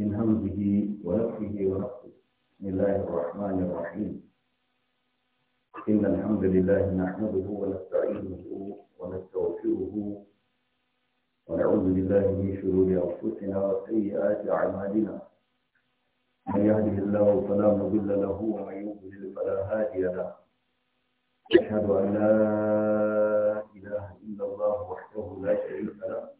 من همزه ونفخه ونفخه بسم الله الرحمن الرحيم إن الحمد لله نحمده ونستعينه ونستغفره ونعوذ بالله من شرور أنفسنا وسيئات أعمالنا من يهده الله فلا مضل له ومن يضلل فلا هادي له أشهد أن لا إله إلا الله وحده لا شريك له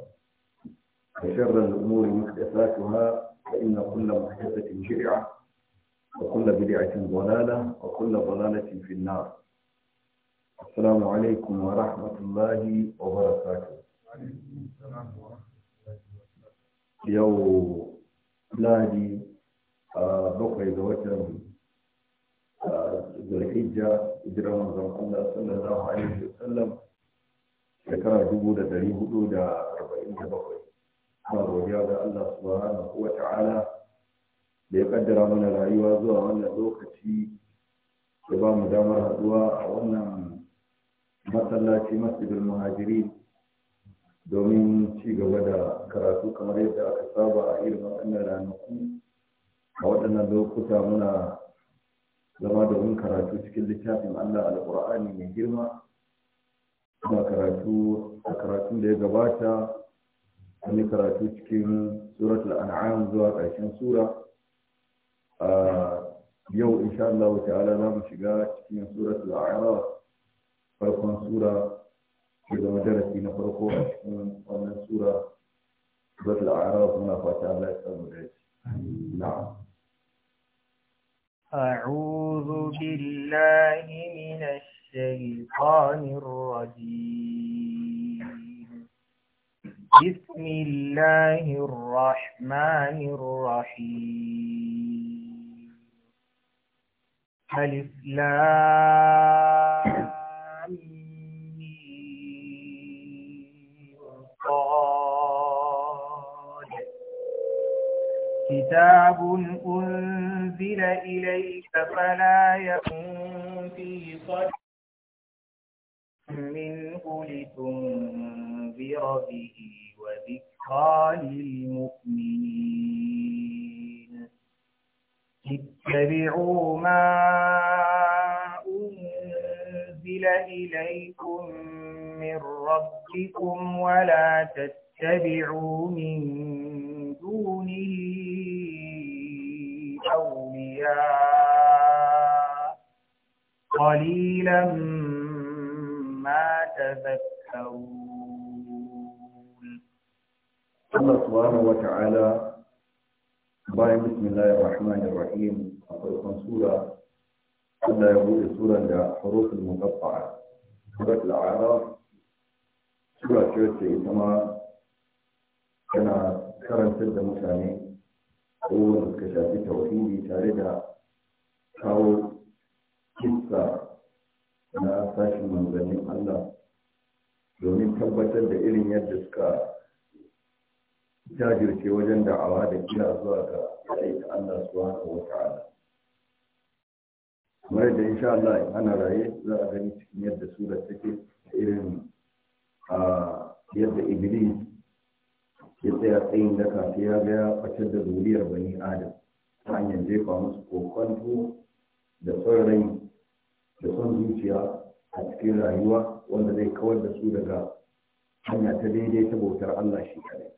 وشر الأمور محدثاتها فإن كل محدثة شرعة وكل بدعة ضلالة وكل ضلالة في النار السلام عليكم ورحمة الله وبركاته yau ladi a bakwai ga watan zulhijja hijirar manzon Allah sallallahu alaihi wasallam shekara dubu da dari hudu da arba'in da bakwai ba godiya ga Allah subhanahu wa ta'ala da ya kaddara mana rayuwa zuwa wannan lokaci da ba mu damar haɗuwa a wannan masallaci masjidul muhajiri domin ci gaba da karatu kamar yadda aka saba a irin waɗannan ranaku a waɗannan lokuta muna zama da wani karatu cikin littafin Allah alƙur'ani mai girma Ina karatu a karatun da ya gabata an yi karatu cikin suratul an'am zuwa ƙarshen sura a yau insha Allah ta'ala za mu shiga cikin suratul a'raf farkon sura ke zama darasi na farko a cikin wannan sura suratul a'raf muna fata Allah ya samu da shi na'am أعوذ بالله من الشيطان الرجيم بسم الله الرحمن الرحيم ألف لام كتاب أنزل إليك فلا يكن في صدر منه لتنذر به وذكرى للمؤمنين اتبعوا ما أنزل إليكم من ربكم ولا تتبعوا من دونه أولياء قليلا ما تذكرون Allah subhanahu wa ta'ala bayan bismillahir rahmanir rahim a farkon sura Allah ya bude suran da huruful muqatta'a suratul a'raf sura ce wacce ita tana karantar da mutane ko suka shafi tauhidi tare da kawo kissa na sashen manzannin Allah domin tabbatar da irin yadda suka jajirce wajen da'awa da kira zuwa ga aiki Allah subhanahu wa ta'ala kamar da insha Allah ana raye za a gani cikin yadda sura take irin a yadda Iblis ya tsaya tsayin da kafi ya ga fatar da zuriyar bani Adam ta hanyar jefa musu kokonto da son da son zuciya a cikin rayuwa wanda zai kawar da su daga hanya ta daidai ta bautar Allah shi kadai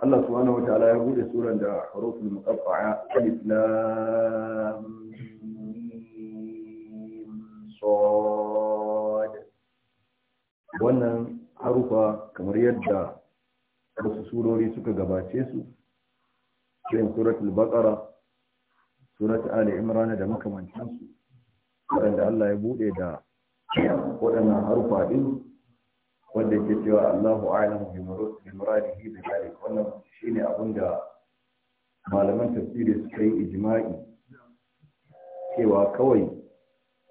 Allah subhanahu wa ta'ala ya bude suran da harufin muqaffa'a alif lam mim sad wannan harufa kamar yadda wasu surori suka gabace su irin suratul baqara surat ali imran da makamantansu waɗanda Allah ya bude da waɗannan harufa din wanda ke cewa Allahu a'lamu bi muradihi bi zalik wannan shine abin da malaman tafsiri suka yi ijma'i cewa kawai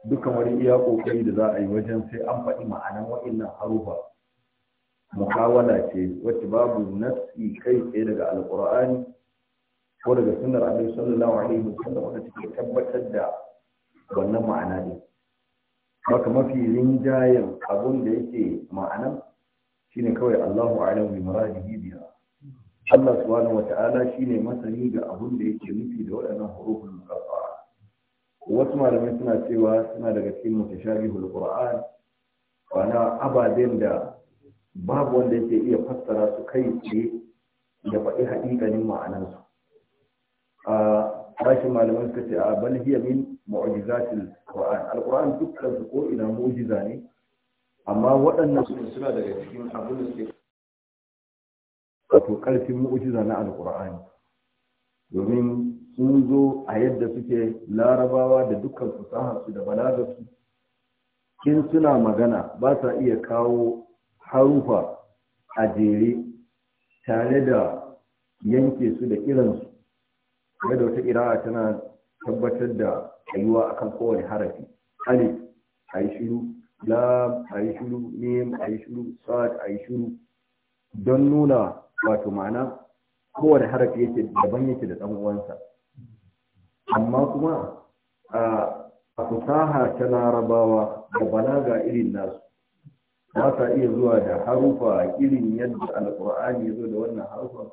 dukan wani iya kokari da za a yi wajen sai an faɗi ma'anan wa'annan harufa muhawala ce wacce babu nafsi kai tsaye daga alqur'ani ko daga sunnar annabi sallallahu alaihi wasallam wanda take tabbatar da wannan ma'ana ne haka mafi rinjayen abun da yake ma'ana shine kawai Allahu a'lamu bi muradihi biha Allah subhanahu wata'ala shine masani ga abun da yake nufi da waɗannan huruful muqatta'a wasu malamai suna cewa suna daga cikin mutashabihul qur'an wana ababen da babu wanda yake iya fassara su kai tsaye da faɗi haƙiƙanin ma'anansu ah, sashin malaman suka ce a bal hiya min mu'jizatil qur'an alquran dukkan su ko ina mu'jiza ne amma waɗannan suna daga cikin abin da suke wato mu'jiza na alquran domin sun zo a yadda suke larabawa da dukkan su da su in suna magana ba sa iya kawo harufa a jere tare da yanke su da kiransu kuma da wata ira'a tana tabbatar da a akan kowane harafi alif a yi shiru lam a yi shiru mim a shiru sad a shiru don nuna wato ma'ana kowane harafi yake daban yake da ɗan uwansa amma kuma a fasaha ta larabawa da balaga irin nasu ba ta iya zuwa da harufa irin yadda alƙur'ani ya zo da wannan harufa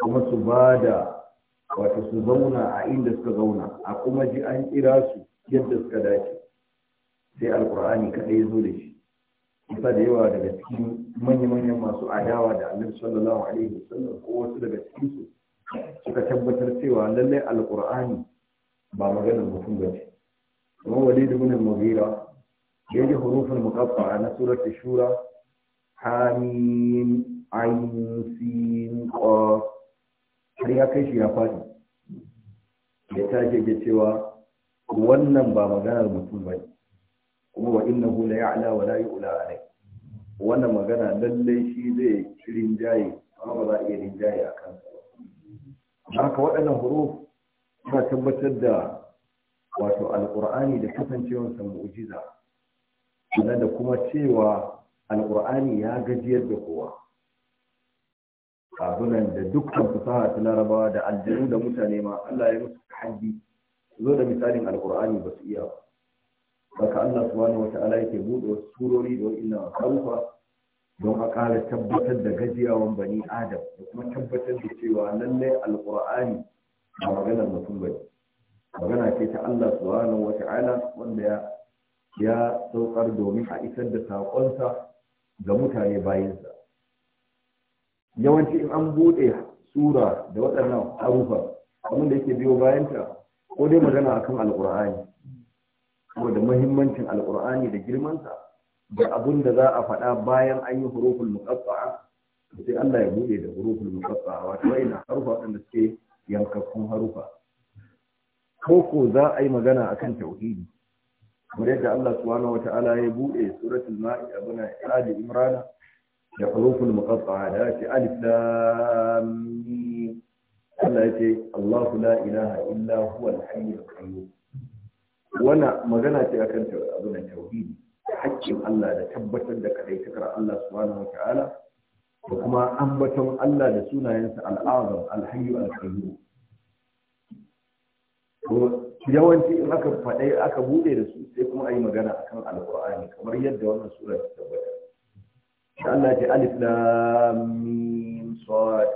kuma su ba da wato su zauna a inda suka zauna a kuma ji an kira su yadda suka dace sai alkur'ani kaɗai ya zo da shi kusa da yawa daga cikin manya-manyan masu adawa da annabi sallallahu alaihi wasallam ko wasu daga cikin su suka tabbatar cewa lallai alkur'ani ba maganar mutum ba ce kuma wali da gunan mughira ya ji hurufin mukaffa na surat shura hamim ainihin sin qaf har ya kai shi ya faɗi ya take ke cewa wannan ba maganar mutum ba ne, kuma wa inna hu la ya'la wa la yu'la alai wannan magana lallai shi zai rinjaye amma ba za a iya rinjaye a kansa haka waɗannan huruf suna tabbatar da wato alƙur'ani da kasancewarsa mu'jiza sannan da kuma cewa alƙur'ani ya gajiyar da kowa abunan da dukkan fasaha ta larabawa da aljanu da mutane ma Allah ya musu haddi zo da misalin alkur'ani ba su iya ba haka Allah subhanahu wata'ala yake bude wasu surori da wa'inna kalfa don a ƙara tabbatar da gajiyawan bani adam da kuma tabbatar da cewa lallai alqur'ani ba maganar mutum ba magana ce ta Allah subhanahu wata'ala wanda ya ya saukar domin a isar da saƙonsa ga mutane bayansa yawanci in an buɗe sura da waɗannan harufa abin da yake biyo bayanta ko dai magana akan alƙur'ani da muhimmancin alƙur'ani da girmansa da abin da za a faɗa bayan an yi huruful muqatta'a sai Allah ya buɗe da huruful muqatta'a wato wa'ina harufa waɗanda suke yankakkun harufa ko ko za a yi magana akan tauhidi kamar yadda Allah subhanahu ta'ala ya buɗe suratul ma'ida bana ali imrana da huruful muqatta'a da ake alif lam Allah yace Allahu la ilaha illa huwa al-hayyul qayyum magana ce akan abin tauhidi haƙƙin Allah da tabbatar da kadaitakar Allah subhanahu wa ta'ala da kuma ambaton Allah da sunayensa al-azam al-hayyu al-qayyum yawanci in aka faɗe aka buɗe da su sai kuma a yi magana akan alƙur'ani kamar yadda wannan sura ta tabbata Allah ta alif lam sad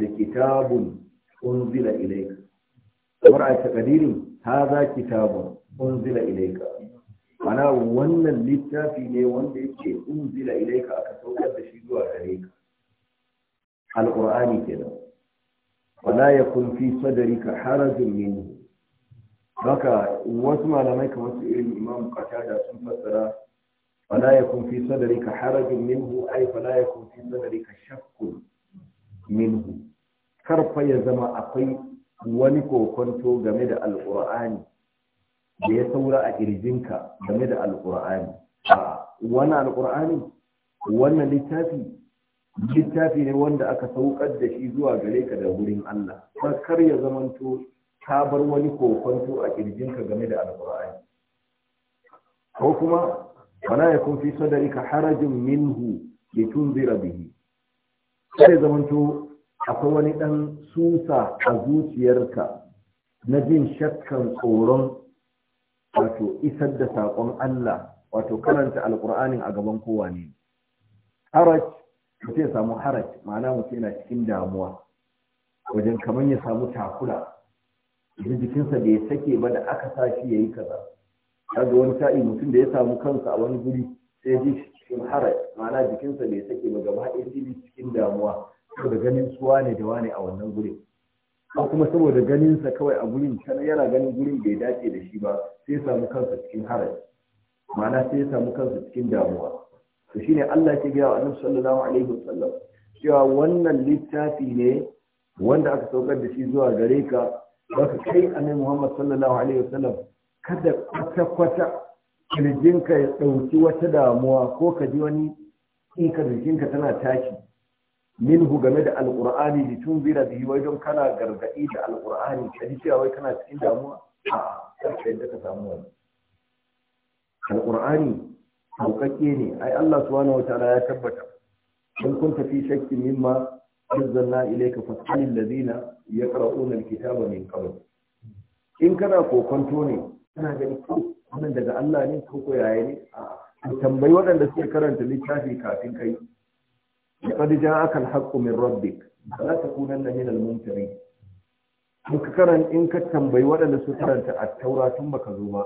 da kitabun unzila ilayka kamar a takadirin hadha kitabun unzila ilayka mana wannan littafi ne wanda yake unzila ilayka aka saukar da shi zuwa gare ka alqur'ani kenan wala yakun fi sadrika harajun minhu haka wasu malamai kamar su irin imam qatada sun fassara فلا يكون في صدرك حرج منه أي فلا يكون في صدرك شك منه كرف يزم أقي ونكو كنتو جمد القرآن بيسورة إرزنك جمد القرآن وانا القرآن وانا لتافي littafi ne wanda aka saukar da shi zuwa gare ka da wurin Allah kar ya zamanto ka bar wani kokonto a kirjinka game da alkur'ani ko kuma wala yakun fi sadrika harajun minhu litunzira bihi sai zamanto akwai wani ɗan susa a zuciyarka na jin shakkan tsoron wato isar da saƙon Allah wato karanta alƙur'anin a gaban kowa ne haraj mutum ya samu haraj ma'ana mutum yana cikin damuwa wajen kamar ya samu takura idan jikinsa ya sake ba da aka sa shi ya yi kaza kaga wani sa'i mutum da ya samu kansa a wani guri sai ji cikin harai ma'ana jikinsa bai sake ba gaba ɗaya fili cikin damuwa saboda ganin suwa ne da wane a wannan gurin ko kuma saboda ganinsa kawai a gurin yana ganin gurin bai dace da shi ba sai ya samu kansa cikin harai ma'ana sai ya samu kansa cikin damuwa to shine Allah ke gaya wa Annabi sallallahu alaihi wasallam cewa wannan littafi ne wanda aka saukar da shi zuwa gare ka baka kai Annabi Muhammad sallallahu alaihi wasallam kada kwata-kwata kirjinka ya ɗauki wata damuwa ko ka ji wani tsinkar jikinka tana tashi minhu game da alƙur'ani da tun zira da yiwuwa don kana gargaɗi da alƙur'ani ka ji cewa wai kana cikin damuwa a ƙarfe yadda ka samu wani alƙur'ani sauƙaƙe ne ai Allah subhanahu wata ya tabbata in kun tafi shakkin mimma nazzalna ilayka fasalil ladina yaqra'una alkitaba min qabl in kana kokonto ne kana gani ko wannan daga Allah ne ko ko yaya ne a tambayi waɗanda suke karanta littafi kafin kai laqad ja'aka al-haqqu min rabbik fala takunanna min al-mumtarin in ka karan in ka tambayi waɗanda suka karanta at-taura tun baka zo ba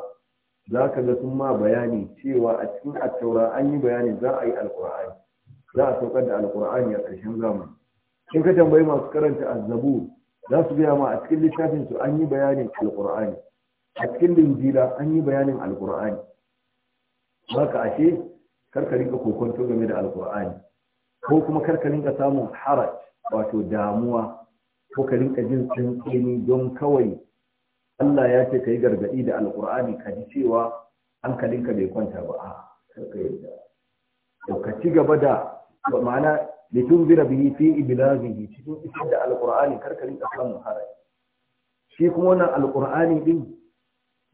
za ka ga sun ma bayani cewa a cikin at-taura an yi bayani za a yi al-qur'ani za a saukar da al-qur'ani a ƙarshen zamani in ka tambayi masu karanta az-zabur za su gaya ma a cikin littafin su an yi bayanin al-qur'ani a cikin injila an yi bayanin alkur'ani ka ashe karka rinka kokonto game da alkur'ani ko kuma karka rinka samun haraj wato damuwa ko ka rinka jin tsintsini don kawai Allah ya ce ka yi gargaɗi da alkur'ani ka ji cewa hankalinka bai kwanta ba a karka yadda ka ci gaba da ma'ana tun zira bihi fi bi cikin isar da alkur'ani karka rinka samun haraj shi kuma wannan alkur'ani din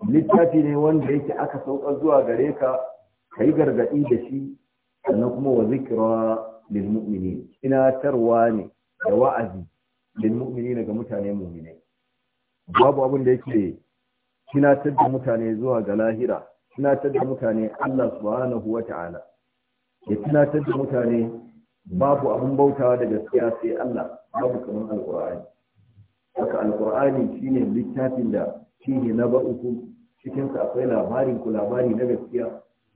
littafi ne wanda yake aka sauka zuwa gare ka ka yi gargaɗi da shi sannan kuma wa zikira lil ina tarwa ne da wa'azi lil mu'mini ga mutane mu'minai babu abin da yake tunatar da mutane zuwa ga lahira tunatar da mutane Allah subhanahu wa ta'ala ya tunatar da mutane babu abin bautawa da gaskiya sai Allah babu kamar alqur'ani haka alqur'ani shine littafin da shine na ba'ukum cikin sa akwai labarin ku labari na gaskiya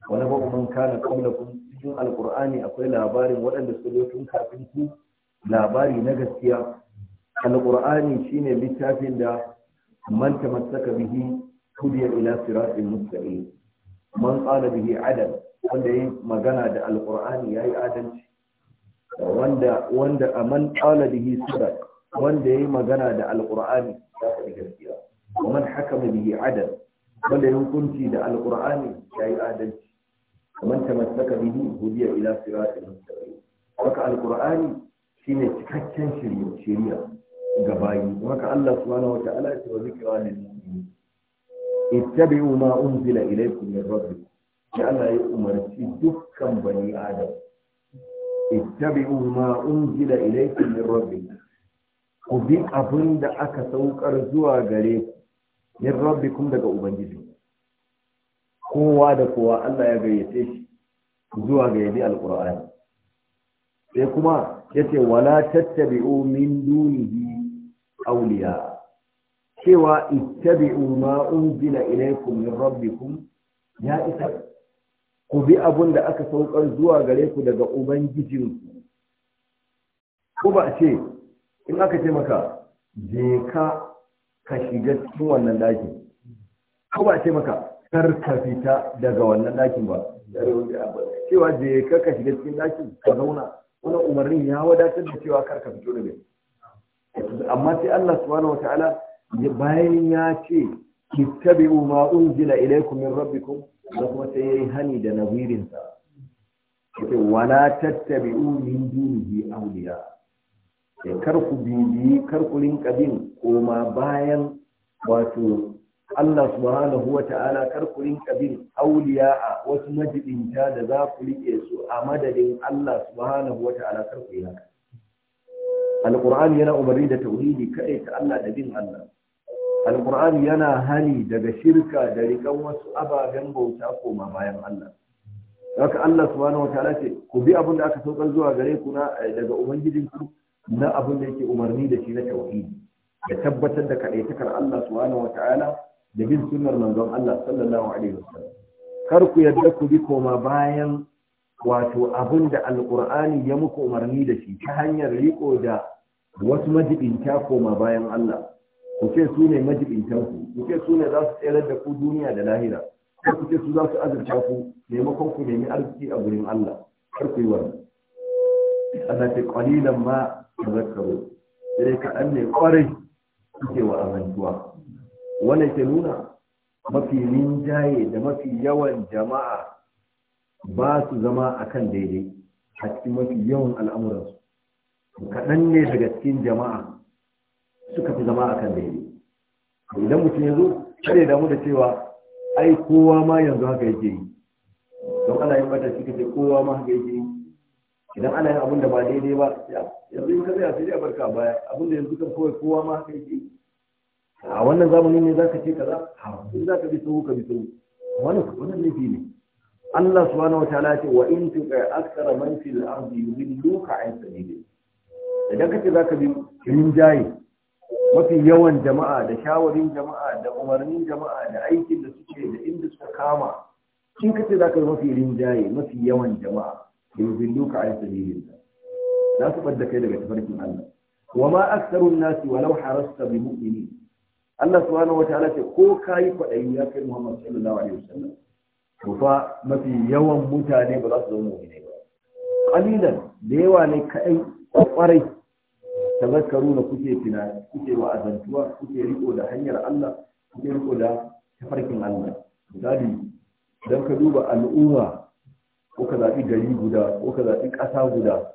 wani ba'uman kana qablakum cikin alqur'ani akwai labarin waɗanda su zo tun kafin ku labari na gaskiya alqur'ani shine littafin da man tamassaka bihi hudiya ila siratin mustaqim man qala bihi adal wanda yayi magana da alqur'ani yayi adalci wanda wanda aman qala bihi sadaq wanda yayi magana da alqur'ani ya faɗi gaskiya ومن حكم به عدل wanda ya hukunci da ya yi adalci kamar ta masaka bihi hudiya ila siratil mustaqim haka alqur'ani shine cikakken shiriya shiriya ga bayi haka Allah subhanahu wataala ya ce wa zikra lil mu'minin ittabi'u ma unzila ilaykum min rabbikum Ya Allah ya umarci dukkan bani adam ittabi'u ma unzila ilaykum min rabbikum ku bi abin da aka saukar zuwa gare ku min rabbikum daga ubangiji kowa da kowa Allah ya gayyace shi zuwa ga yadi alqur'ani sai kuma yace wala tattabi'u min dunihi awliya cewa ittabi'u ma unzila ilaykum min rabbikum ya isa ku bi abun da aka saukar zuwa gare ku daga ubangijinku ku. ba ce in aka ce maka je ka ka shiga cikin wannan ɗakin ko ba ce maka kar ka fita daga wannan ɗakin ba cewa je ka ka shiga cikin ɗakin ka zauna wannan umarnin ya wadatar da cewa kar ka fito daga amma sai Allah subhanahu wataala bayan ya ce ittabi'u ma unzila ilaykum min rabbikum da kuma sai yayi hani da nazirin sa yace wala tattabi'u min dunihi awliya kar ku bibiyi kar ku rinka bin koma bayan wato Allah subhanahu wa ta'ala kar ku rinka bin auliya a wasu majibinta da za ku rike su a madadin Allah subhanahu wa ta'ala kar ku yi haka alqur'ani yana umarni da tauhidi kai ta Allah da bin Allah alqur'ani yana hani daga shirka da rikan wasu ababen bauta koma bayan Allah haka Allah subhanahu wa ta'ala ce ku bi abin da aka saukar zuwa gare ku na eh, daga ubangijinku na abin da yake umarni da shi na tauhidi da tabbatar da kaɗaitakar Allah subhanahu Wata'ala da bin sunnar manzon Allah sallallahu alaihi wasallam kar ku yadda ku bi koma bayan wato abin da alqur'ani ya muku umarni da shi ta hanyar riko da wasu majibinta koma bayan Allah ku ce su ne majibintan ku ku ce su ne za su tsayar da ku duniya da lahira kar ku ce su za su azurta ku maimakon ku nemi arziki a gurin Allah kar ku yi wannan Allah qalilan ma tazakkaru sai ka an ne kwarai suke wa amantuwa wannan ke nuna mafi rinjaye da mafi yawan jama'a ba su zama akan daidai a cikin mafi yawan al'amuransu kaɗan ne daga cikin jama'a suka fi zama akan daidai idan mutum ya zo kare damu da cewa ai kowa ma yanzu haka yake yi don ana yin mata shi ce kowa ma haka yake yi idan ana yin abin da ba daidai ba yanzu in ka tsaya sai a barka baya abin da yanzu kan kawai kowa ma haka yake a wannan zamanin ne zaka ce kaza in zaka bi sahu ka bi sahu wannan wannan laifi ne Allah subhanahu wataala ya ce wa in tuqa akthara man fil ardi yudilluka an sabili idan kace zaka bi rinjaye mafi yawan jama'a da shawarin jama'a da umarnin jama'a da aikin da suke da inda suka kama in kace zaka bi mafi rinjaye mafi yawan jama'a yuzilluka an sabilillah za su fadda kai daga tafarkin Allah wa ma aktharun nas walau harasta bi mu'minin Allah subhanahu wataala ce ko kai kwadayi ya kai Muhammad sallallahu alaihi wasallam to fa mafi yawan mutane ba za su zama mu'minai ba qalilan da yawa ne kai kwarai tazakkaru na kuke tunani kuke wa'azantuwa kuke riko da hanyar Allah kuke riko da tafarkin Allah misali dan ka duba al'umma ko ka zaɓi gari guda ko ka zaɓi ƙasa guda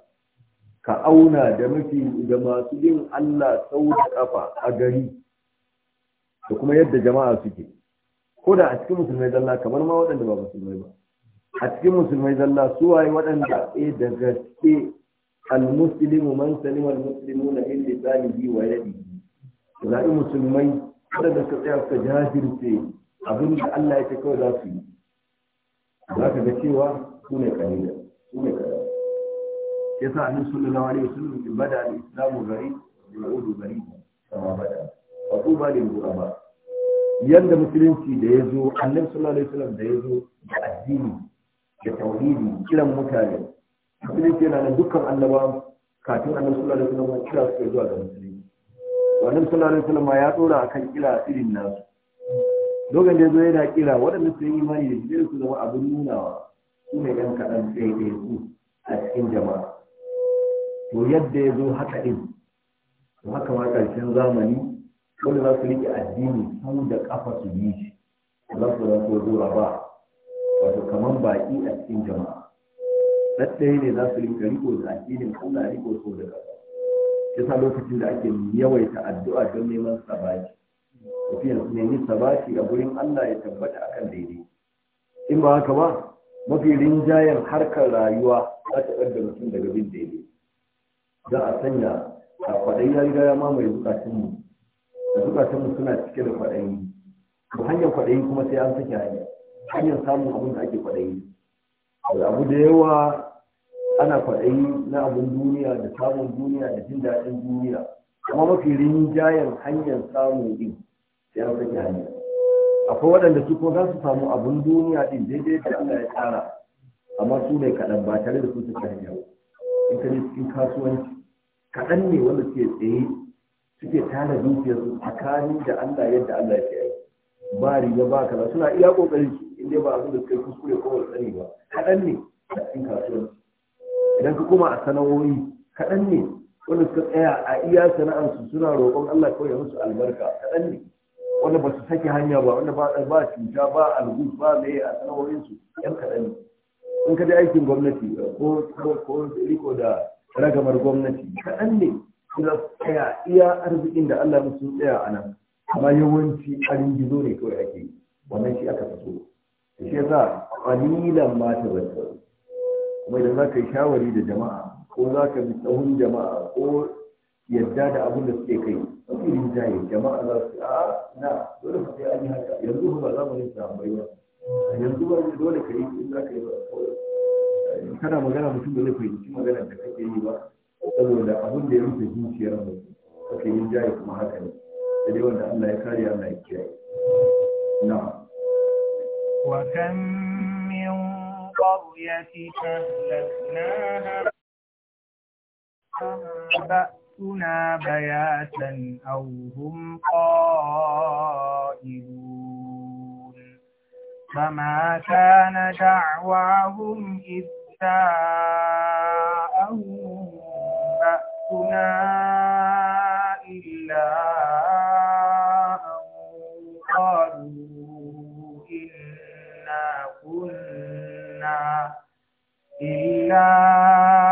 ka auna da mafi da masu yin Allah sau da ƙafa a gari da kuma yadda jama'a suke ko da a cikin musulmai zalla kamar ma waɗanda ba musulmai ba a cikin musulmai zalla su waye waɗanda eh da gaske almuslimu man na yin min bi wa yadihi zaɓi musulmai waɗanda suka tsaya suka jajirce abin da Allah ya ce kawai za su yi za ka ga cewa su ne kalila su ne kalila ya sa annabi sallallahu alaihi wasallam bada al-islamu gari da yu'udu gari kama bada Ba wa tuba lil ba. yadda musulunci da ya zo annabi sallallahu alaihi wasallam da ya zo da addini da tauhidi kiran mutane musulunci yana nan dukkan annabawa kafin annabi sallallahu alaihi wasallam kira su zuwa ga musulunci wannan sallallahu alaihi wasallam ya dora akan kira irin nasu dogon da ya zo yana kira waɗanda su yi imani da shi su zama abin nunawa su ne ɗan kaɗan ɗaiɗaiku a cikin jama'a to yadda ya zo haka ɗin to haka ma ƙarshen zamani wanda za su riƙe addini sun da ƙafa su yi shi za su za su zo ba wato kamar baƙi a cikin jama'a ɗaɗɗaya ne za su riƙe riƙo da addinin Allah riƙo so da ƙafa ya sa lokacin da ake yawaita addu'a don neman sabaci su ne nemi sabaci a gurin Allah ya tabbata akan daidai in ba haka ba mafi rinjayen harkar rayuwa za ta da mutum daga bin daidai za a sanya a kwaɗayi ya riga ya mamaye bukatunmu da bukatunmu suna cike da kwaɗayi to hanyar kwaɗayi kuma sai an sake hanya hanyar samun abin da ake kwaɗayi da abu da yawa ana kwaɗayi na abin duniya da samun duniya da jin daɗin duniya kuma mafi rinjayen hanyar samun din sai an sake hanya akwai waɗanda su ko za su samu abun duniya din daidai da Allah ya tsara amma su ne kaɗan ba tare da su su kan yau in ka cikin kasuwanci kaɗan ne wanda suke tsaye suke tara dukiyarsu tsakanin da Allah yadda Allah ya yi ba riga ba kaza suna iya kokari su dai ba abin da suka kuskure ko wani tsari ba kaɗan ne a cikin kasuwanci idan ka koma a sana'o'i kaɗan ne wanda suka tsaya a iya sana'arsu suna roƙon Allah kawai musu albarka kaɗan ne wanda ba su sake hanya ba wanda ba cuta ba algus ba mai a sanarorinsu yan kaɗan in ka da aikin gwamnati ko riko da ragamar gwamnati kaɗan ne su tsaya iya arzikin da Allah musu tsaya a nan amma yawanci arin gizo ne kawai ake wannan shi aka fito da shi yasa ƙalilan ma ta kuma idan za ka yi shawari da jama'a ko za ka bi tsawon jama'a ko yadda da abin da suke kai mafi rinjaye jama'a za su yi haka yanzu ba za mu yi samu ba yanzu ba dole ka yi in za kana magana mutum da zai fahimci magana da kake yi ba saboda abin da ya rufe zuciyar mu kake yin jaye kuma haka ne da dai wanda Allah ya kare Allah ya kiyaye na wa kan min يأتنا بياتا أو هم قائلون فما كان دعواهم إذ جاءهم بأسنا إلا أن قالوا إنا كنا إلا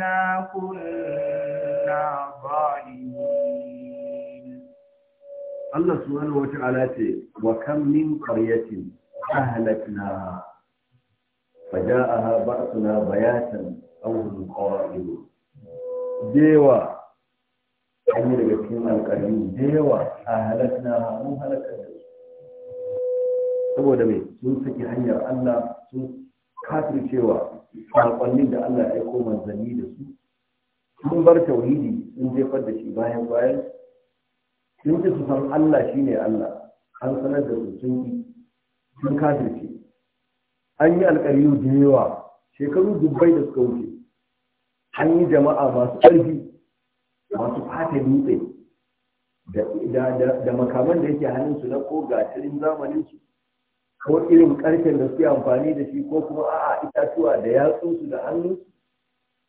inna kunna zalimin Allah subhanahu wa ta'ala ce wa kam min qaryatin ahlakna fajaaha suna bayatan aw hum qa'ilun dewa yi daga cikin alƙarin dewa a halakna mun halakar da saboda mai sun saki hanyar Allah sun kafir cewa sakonnin da Allah ya aiko manzanni da su sun bar tauhidi sun jefar da shi bayan bayan sun ce su san Allah shi ne Allah an sanar da su sun yi sun kafirce an yi alƙariyu da yawa shekaru dubbai da suka wuce an yi jama'a masu ƙarfi masu fata dutse da makaman da yake su na ko zamanin su. ko irin karfen da suke amfani da shi ko kuma a'a itatuwa da yatsunsu da hannu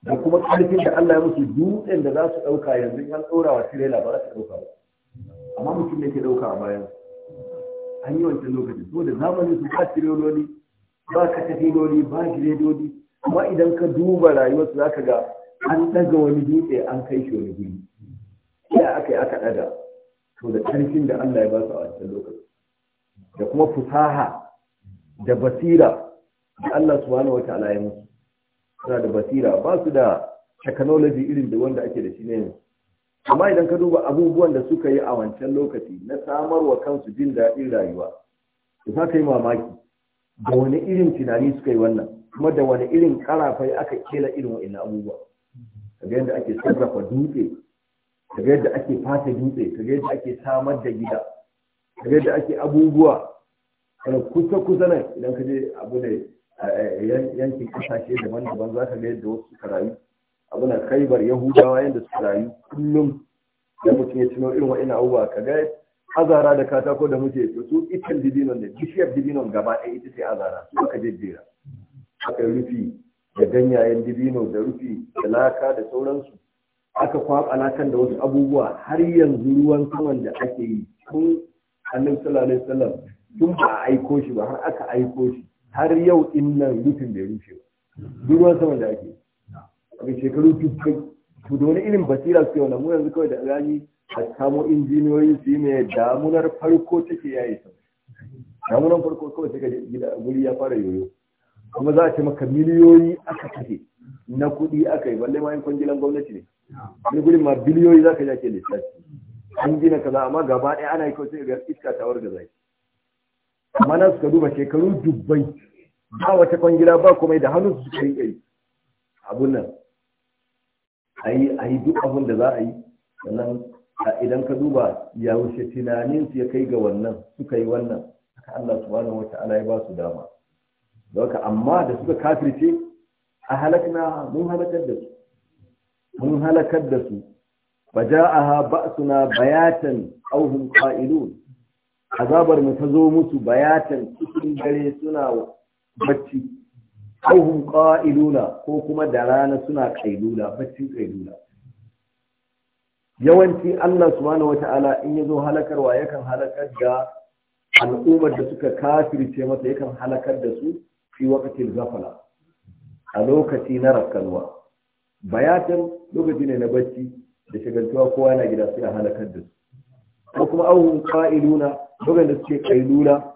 da kuma karfin da Allah ya musu dutsen da za su ɗauka yanzu an ɗora wa tirela ba za su ɗauka ba amma mutum ne ke ɗauka a bayan an yi wancan lokacin so da zamanin su ba tireloli ba katafiloli ba giredodi kuma idan ka duba rayuwarsu za ka ga an ɗaga wani dutse an kai shi wani gini ya aka yi aka ɗaga to da ƙarfin da Allah ya ba su a wancan lokacin da kuma fusaha da basira da Allah subhanahu wataala ya musu suna da basira ba su da technology irin da wanda ake da shi ne amma idan ka duba abubuwan da suka yi a wancan lokaci na samarwa kansu jin daɗin rayuwa da za ka yi mamaki da wani irin tunani suka yi wannan kuma da wani irin karafai aka kela irin wa'in abubuwa kaga yadda ake sarrafa dutse kaga yadda ake fata dutse kaga yadda ake samar da gida kaga yadda ake abubuwa kana kusa kusa nan idan ka je abu da eh, yankin kasashe daban-daban za ka ga yadda wasu suka rayu abu na kaibar yahudawa yadda suka rayu kullum da mutum ya tuno irin wa'ina abubuwa ka ga azara da katako da muke to su itin dibinon da bishiyar dibinon gaba ɗaya ita ce azara su aka jejjera aka rufi da ganyayen dibino da rufi da laka da sauransu aka kwaɓa lakan da wasu abubuwa har yanzu ruwan saman da ake yi tun annabi sallallahu alaihi wasallam tun ba a aiko shi ba har aka aiko shi har yau in nan rufin bai rufe ba duk ruwan sama da ake daga shekaru tukai to da wani irin basira su yau mu yanzu kawai da rani a samo injiniyoyi su yi mai damunar farko take yayi sama damunar farko kawai take gida guri ya fara yoyo kuma za a ce maka miliyoyi aka kashe na kuɗi aka yi balle ma yin kwangilan gwamnati ne wani gurin ma biliyoyi za ka ja ke lissafi an gina kaza amma gaba ɗaya ana yi kawai sai ga iska ta wargaza zaki amma na suka duba shekaru dubbai ba wata kwangila ba komai da hannun su suka yi abun nan a yi duk abun da za a yi sannan idan ka duba ya wuce tunanin su ya kai ga wannan suka yi wannan haka Allah subhanahu wa ta'ala ya ba su dama don amma da suka kafirce a halakna mun halakar da su mun halakar da su فجاءها بأسنا بياتا أو azabar mu ta zo musu bayatan cikin dare suna bacci auhum qa'iluna ko kuma da rana suna ƙailula baccin ƙailula yawanci Allah subhanahu ala in zo halakarwa yakan halakar da al'ummar da suka kafirce masa yakan halakar da su fi waqtil zafala a lokaci na rakkalwa bayatan lokaci ne na bacci da shagaltuwa kowa yana gida suna halakar da su ko kuma auhun ƙa’iluna da suke kailula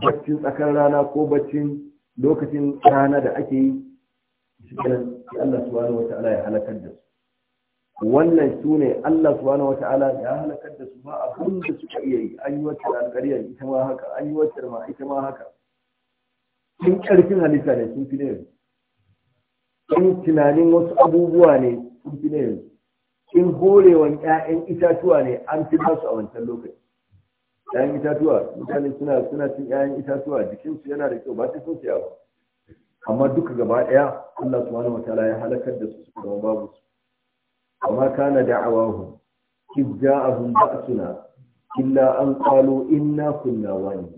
baccin tsakar rana ko baccin lokacin rana da ake yi shi Allah subhanahu ta'ala ya halakar da su wannan su ne Allah subhanahu ta'ala ya halakar da su ba abin da suka iya yi an yi wacce alƙariyar ita ma haka an yi wacce ma ita ma haka sun ƙarfin halitta ne sun fi na yanzu in tunanin wasu abubuwa ne sun fi na yanzu in horewan 'ya'yan itatuwa ne an fi su a wancan lokaci 'ya'yan itatuwa mutane suna suna cin 'ya'yan itatuwa jikinsu yana da kyau ba ta sun siya ba amma duka gaba ɗaya Allah wani wataala ya halakar da su su kuma babu su amma kana abin ba a suna, illa an kwalo inna kunna wani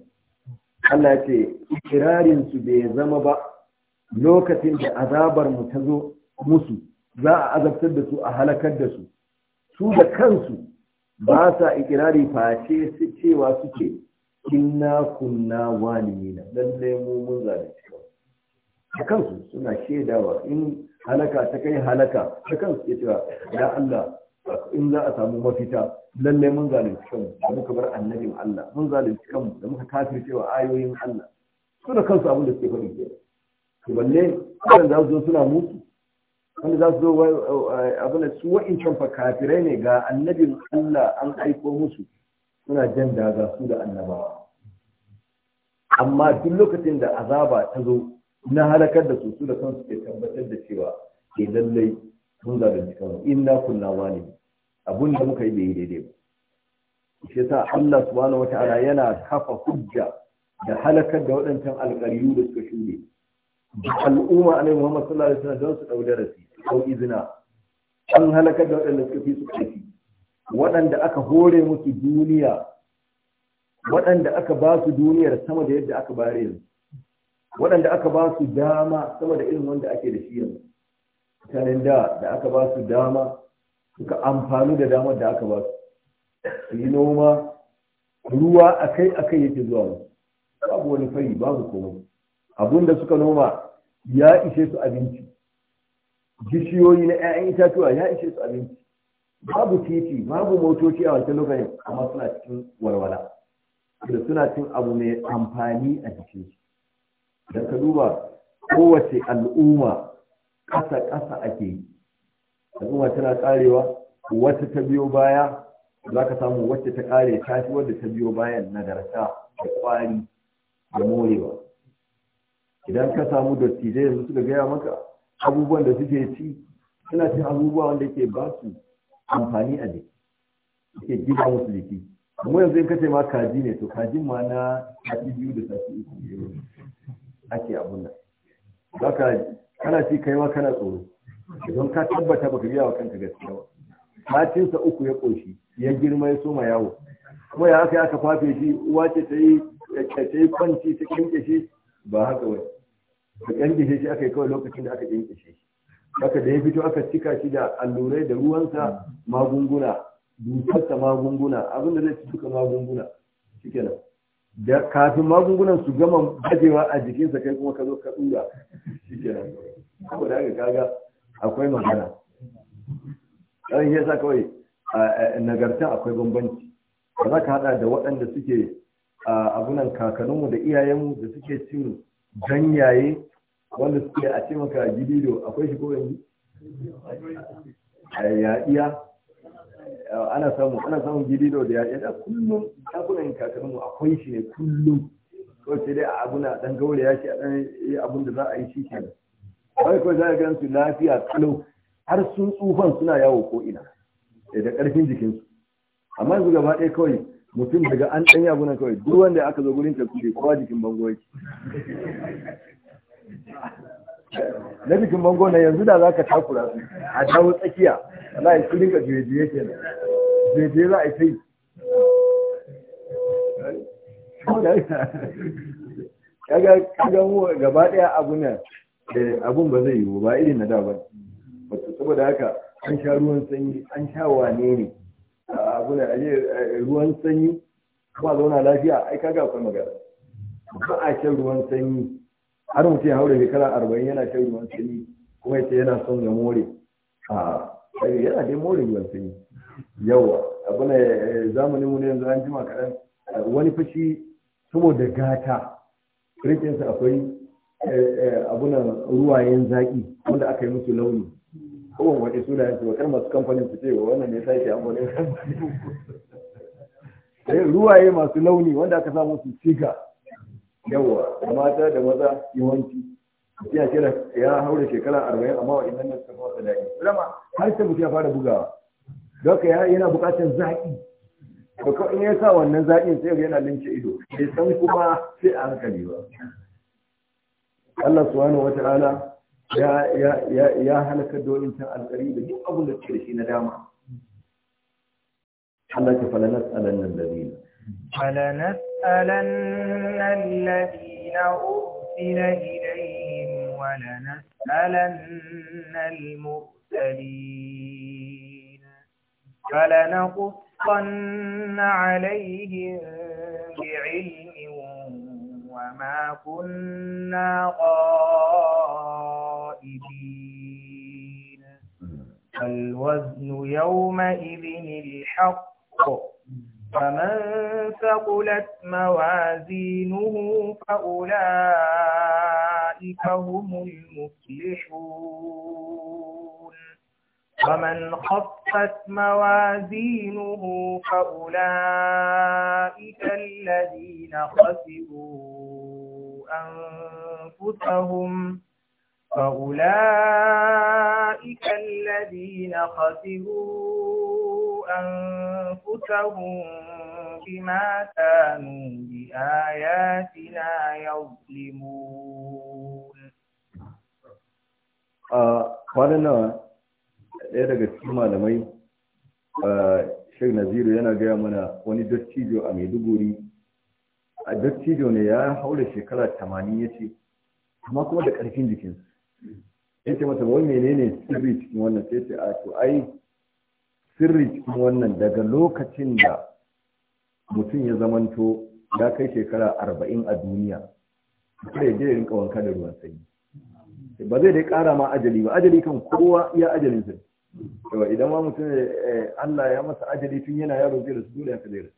Allah ya ce ikirarin su bai zama ba lokacin da azabar mu ta zo musu za a azabtar da su a halakar da su su da kansu ba sa ikirari face su cewa suke kinna kunna walimina lallai mu mun zalunci da kansu suna shaidawa in halaka ta kai halaka ta kansu ke cewa ya Allah in za a samu mafita lallai mun zalunci kanmu da muka bar annabin Allah mun zalunci kanmu da muka kafir cewa ayoyin Allah su da kansu abin da suke faɗi ke to balle kan za su zo suna mutu wanda za su zo abin su wa'incan fa kafirai ne ga annabin Allah an aiko musu suna jan daga su da annabawa amma duk lokacin da azaba ta zo na halakar da su su da kansu ke tabbatar da cewa ke eh, lallai mun zalunci kanmu inna kunna wani abun da muka yi bai daidai ba shi yasa Allah subhanahu wataala yana kafa hujja da halakar da waɗancan alƙaryu da suka shuɗe al'umma a nan Muhammad sallallahu alaihi wasallam don su ɗau darasi ko izina an halakar da waɗanda suka fi su ƙarfi waɗanda aka hore musu duniya waɗanda aka ba su duniyar sama da yadda aka bare yanzu waɗanda aka ba su dama sama da irin wanda ake da shi yanzu mutanen da da aka ba su dama suka amfani da damar da aka ba su yi noma ruwa akai akai yake zuwa babu wani fari babu komai abun da suka noma ya ishe su abinci bishiyoyi na 'ya'yan itatuwa ya ishe su abinci babu titi babu motoci a wancan lokacin amma suna cikin walwala da suna cin abu mai amfani a jikin su da ka duba kowace al'umma ƙasa ƙasa ake yi al'umma tana karewa wata ta biyo baya za ka samu wacce ta kare ta fi wadda ta biyo bayan nagarta da kwari da morewa idan ka samu dattijai yanzu suka gaya maka abubuwan da suke ci suna cin abubuwa wanda ke ba su amfani a jiki ke gina musu jiki amma yanzu in ka ce ma kaji ne to kajin ma na sati biyu da sati uku ake abun nan za ka kana ci kai ma kana tsoro don ka tabbata baka biya wa kanka gaskiya ba sa uku ya ƙoshi ya girma ya soma yawo kuma ya haka aka fafe shi uwa ce ta yi kwanci ta kinke shi ba haka wai da kyankishe shi aka yi kawai lokacin da aka kyankishe shi haka da ya fito aka cika shi da allurai da ruwansa magunguna dusarsa magunguna abin da zai ci duka magunguna nan da kafin magungunan su gama bajewa a jikinsa kai kuma ka zo ka tsura shikenan saboda haka kaga akwai magana ɗan yasa kawai nagarta akwai bambanci ba za ka haɗa da waɗanda suke abunan kakanninmu da iyayenmu da suke cinu ganyaye wanda suke a ce maka gidido akwai shi ko yanzu yaɗiya ana samu ana samun gidido da yaɗiya da kullum ɗakunan kakarmu akwai shi ne kullum kawai sai dai a abuna ɗan ya shi a ɗan yi abun da za a yi shi ke kawai kawai za a gansu lafiya kalau har sun tsufan suna yawo ko ina da ƙarfin jikinsu amma yanzu gaba ɗaya kawai mutum daga an ɗan yabu na kawai duk wanda aka zo gurin tafiye kowa jikin bango yake na jikin bango na yanzu da za ka takura su a dawo tsakiya za a yi ka juyejiye ke nan juyejiye za a yi sai kaga kaga mu gaba daya abun nan eh, abun ba zai yi ba irin na da ba saboda haka an sha ruwan sanyi an sha wane ne abu ne aje eh, ruwan sanyi kuma zauna lafiya ai kaga akwai magana ba a shan ruwan sanyi har mutum ya haura shekara arba'in yana shan ruwan sanyi kuma yace yana son ya more a yana dai more ruwan sanyi yawa abu ne eh, zamanin mu ne yanzu an jima kaɗan wani fashi saboda gata rikinsa akwai eh, abunan ruwayen zaƙi wanda aka yi musu launi kowane wani yanzu wa masu kamfanin su ce wa wannan ne ke amfani da kamfanin eh, ruwaye masu launi wanda aka samu su siga yawa mata da maza yawanci ya kira ya haura shekara arba'in amma wa innan nan suka fara daɗi rama har sai mutum ya fara bugawa don ya yana buƙatar zaƙi ba kawai in ya sa wannan zaƙin sai yana lince ido bai san kuma sai a hankali ba Allah wata rana ya halakar da wani can alƙari da duk abin da ke da shi na dama Allah ta falanas alannan lalina falanas alannan lalina ursila ilayhim walanas alannan mursalin فلنقصن عليهم بعلم وما كنا غائبين الخائبين الوزن يومئذ الحق فمن ثقلت موازينه فأولئك هم المفلحون ومن خفت موازينه فأولئك الذين خسروا أنفسهم فأولئك الذين خسروا أنفسهم بما كانوا بآياتنا يظلمون kwanana ɗaya daga cikin malamai shek naziru yana gaya mana wani dattijo a maiduguri a dattijo ne ya haula shekara 80 ya ce kuma kuma da ƙarfin jikinsa ya ce mata wai menene sirri cikin wannan sai ce a to ai sirri cikin wannan daga lokacin da mutum ya zamanto ya kai shekara arba'in a duniya sai ya je rinka wanka da ruwan sanyi ba zai dai kara ma ajali ba ajali kan kowa iya ajalin sa yawa idan ma mutum eh, Allah ya masa ajali tun yana yaro zai rasu dole ya kalle rasu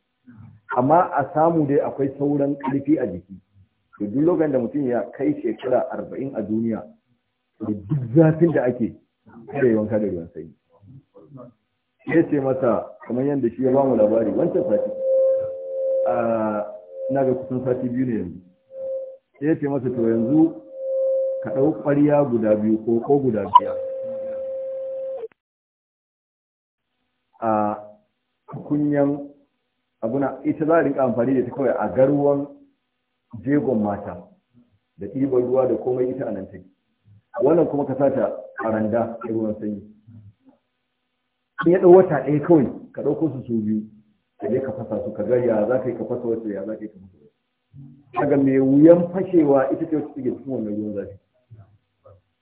amma a samu dai akwai sauran ƙarfi a jiki to duk lokacin da mutum ya kai shekara arba'in a duniya duk zafin da ake kada yi wanka da ruwan sanyi ya ce masa kamar yadda shi ya bamu labari wancan sati a na ga kusan sati biyu ne yanzu ya ce masa to yanzu ka ɗau ƙwarya guda biyu ko ko guda biya. a kunyan abuna ita za a rinka amfani da ta kawai a garuwan jegon mata da ɗiban ruwa da komai ita a nan take wannan kuma ka sata a randa da ruwan sanyi in ya ɗau wata ɗaya kawai ka ɗauko su su biyu ka je ka fasa su ka ga ya za ka yi ka fasa wata ya za ka yi ka fasa wata. ga mai wuyan fashewa ita ce wacce suke cikin wannan ruwan zafi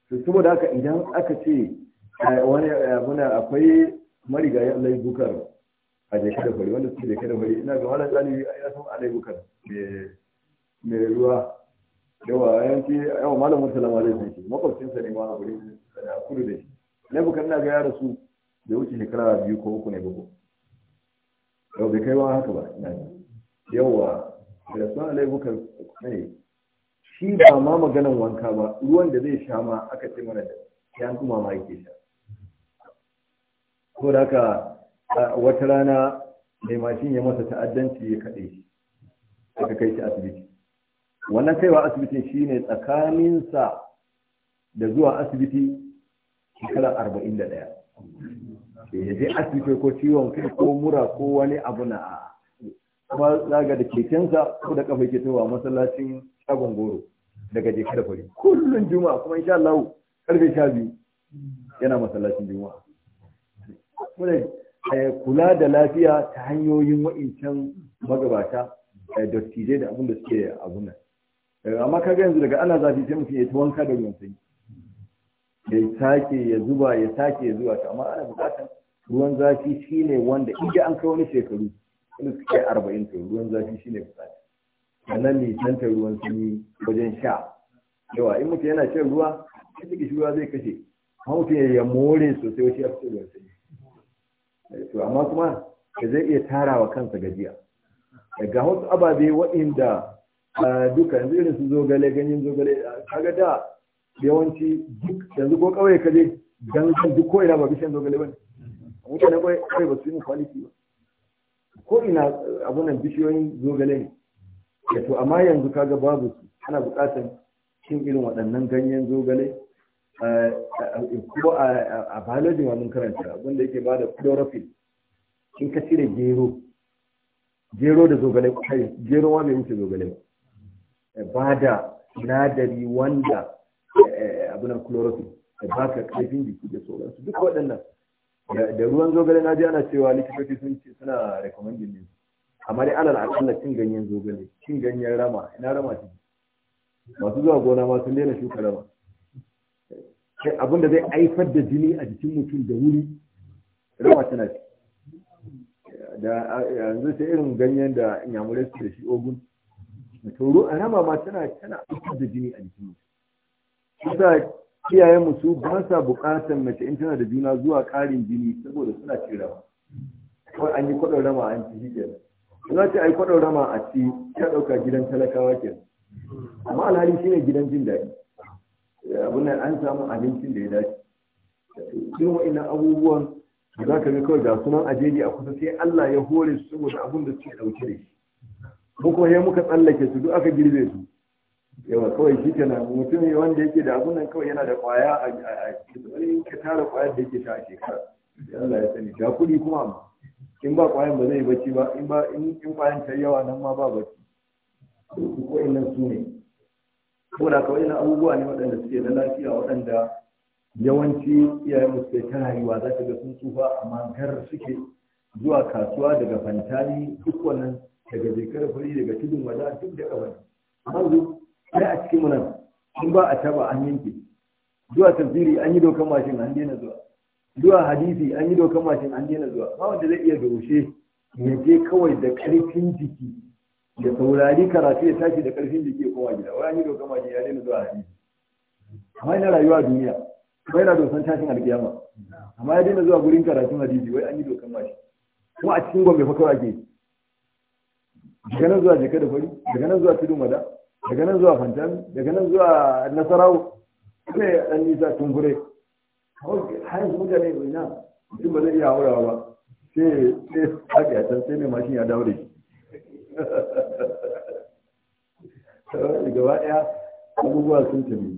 to saboda haka idan aka ce eh, wani muna eh, akwai marigayi Allah bukar a jeka da fari wanda suke jeka da fari ina ga wani ɗalibi a san Allah bukar mai ruwa yawa yanki yawa malam ma zai san shi makwabcinsa ne ma a gurin kudu da shi na bukar na ga yara su da wuce shekara biyu ko uku ne bugu yau bai kai ba haka ba ina ne yawa da sun alai bukar ne shi ba ma maganan wanka ba ruwan da zai sha ma aka ce mana da yan kuma ma yake sha ko da haka wata rana mai mashin ya masa ta'addanci ya kaɗe shi aka kai shi asibiti wannan kaiwa asibitin shine tsakaninsa da zuwa asibiti shekara arba'in da ɗaya ya je asibiti ko ciwon kai ko mura ko wani abu na a kuma zaga da kekensa ko da kafa yake tawa masallacin shagon goro daga jeka da fari kullum juma'a kuma insha Allah karfe sha biyu yana masallacin juma'a eh, kula da lafiya ta hanyoyin wa'incan magabata eh, dattijai da abin da suke abun Eh, amma kaga yanzu daga ana zafi sai mutum ya yi wanka da ruwan sanyi ya sake ya zuba ya sake ya zuba amma ana bukatar ruwan zafi shine wanda idan an kai wani shekaru wanda suka kai arba'in to ruwan zafi shine bukata sannan nisanta ruwan sanyi wajen sha yawa in mutum yana shan ruwa sai take shi ruwa zai kashe amma mutum ya more sosai wasu ya fito ruwan sanyi eh, to amma kuma ya zai iya tarawa kansa gajiya ga wasu ababe waɗanda duka yanzu irin su zogale ganyen zogale kaga da yawanci duk yanzu ko kawai ka je gangan duk ko ina ba bishan zogale bane mutane kawai kawai ba su yi kwaliti ba ko ina abunan bishiyoyin zogale ne ya to amma yanzu kaga babu su ana buƙatar cin irin waɗannan ganyen zogale ko a biology ma mun karanta abinda yake ba da chlorophyll in ka cire gero gero da zogale kai gero ma bai wuce zogale ba ba da sinadari wanda eh, eh, abin chlorophyll da ba ka karfin jiki da sauransu duk waɗannan da ruwan zogale na ji ana cewa likitoci sun ce suna recommending ne amma dai alal akalla cin ganyen zogale cin ganyen rama ina rama ce masu zuwa gona masu sun shuka rama sai abin da zai haifar da jini a jikin mutum da wuri rama tana ci da yanzu sai irin ganyen da inyamurai su da shi ogun a rama ma tana tana fitar da jini a jikin mutum yasa kiyaye musu ba sa buƙatar mace in tana da juna zuwa ƙarin jini saboda suna cin rama kawai an yi kwaɗon rama a ci shi kenan za ta yi kwaɗon rama a ci ta ɗauka gidan talakawa kenan amma alhali shine gidan jin daɗi eh, abin nan an samu abincin da ya dace irin ina abubuwan da za ka ga kawai ga sunan ajeli a kusa sai Allah ya hore su saboda abin da suke ɗauke da shi mu kuma ya muka tsallake su duk aka girbe su yawa kawai shi kenan mutum wanda yake da abun nan kawai yana da kwaya a cikin ka tara kwayar da yake ta a shekara yalla ya sani ga kuɗi kuma amma in ba kwayan ba zai bacci ba in ba in kwayan ta yawa nan ma ba bacci ko inna su ne da kawai na abubuwa ne waɗanda suke na lafiya waɗanda yawanci iyayen mu suke ta rayuwa za ka ga sun tsufa amma gar suke zuwa kasuwa daga fantani duk wannan daga jikar fari daga tudun wada duk da kafar amma zo sai a cikin munan in ba a taba an yanke zuwa tafsiri an yi dokan mashin an daina zuwa zuwa hadisi an yi dokan mashin an daina zuwa ba wanda zai iya doshe ya je kawai da karfin jiki da saurari karatu ya tashi da karfin jiki ya koma gida wani an yi dokan mashin ya daina zuwa hadisi amma ina rayuwa a duniya kuma yana dosan tashin alkiyama amma ya daina zuwa gurin karatun hadisi wai an yi dokan mashin kuma a cikin gombe fa kawai ake daga nan zuwa jika da fari daga nan zuwa tudu mada daga nan zuwa fantan daga nan zuwa nasarawo ne an nisa tumbure har yanzu mutane ne na mutum ba zai iya haurawa ba sai sai haƙi a can sai mai mashin ya daure gaba ɗaya abubuwa sun tafi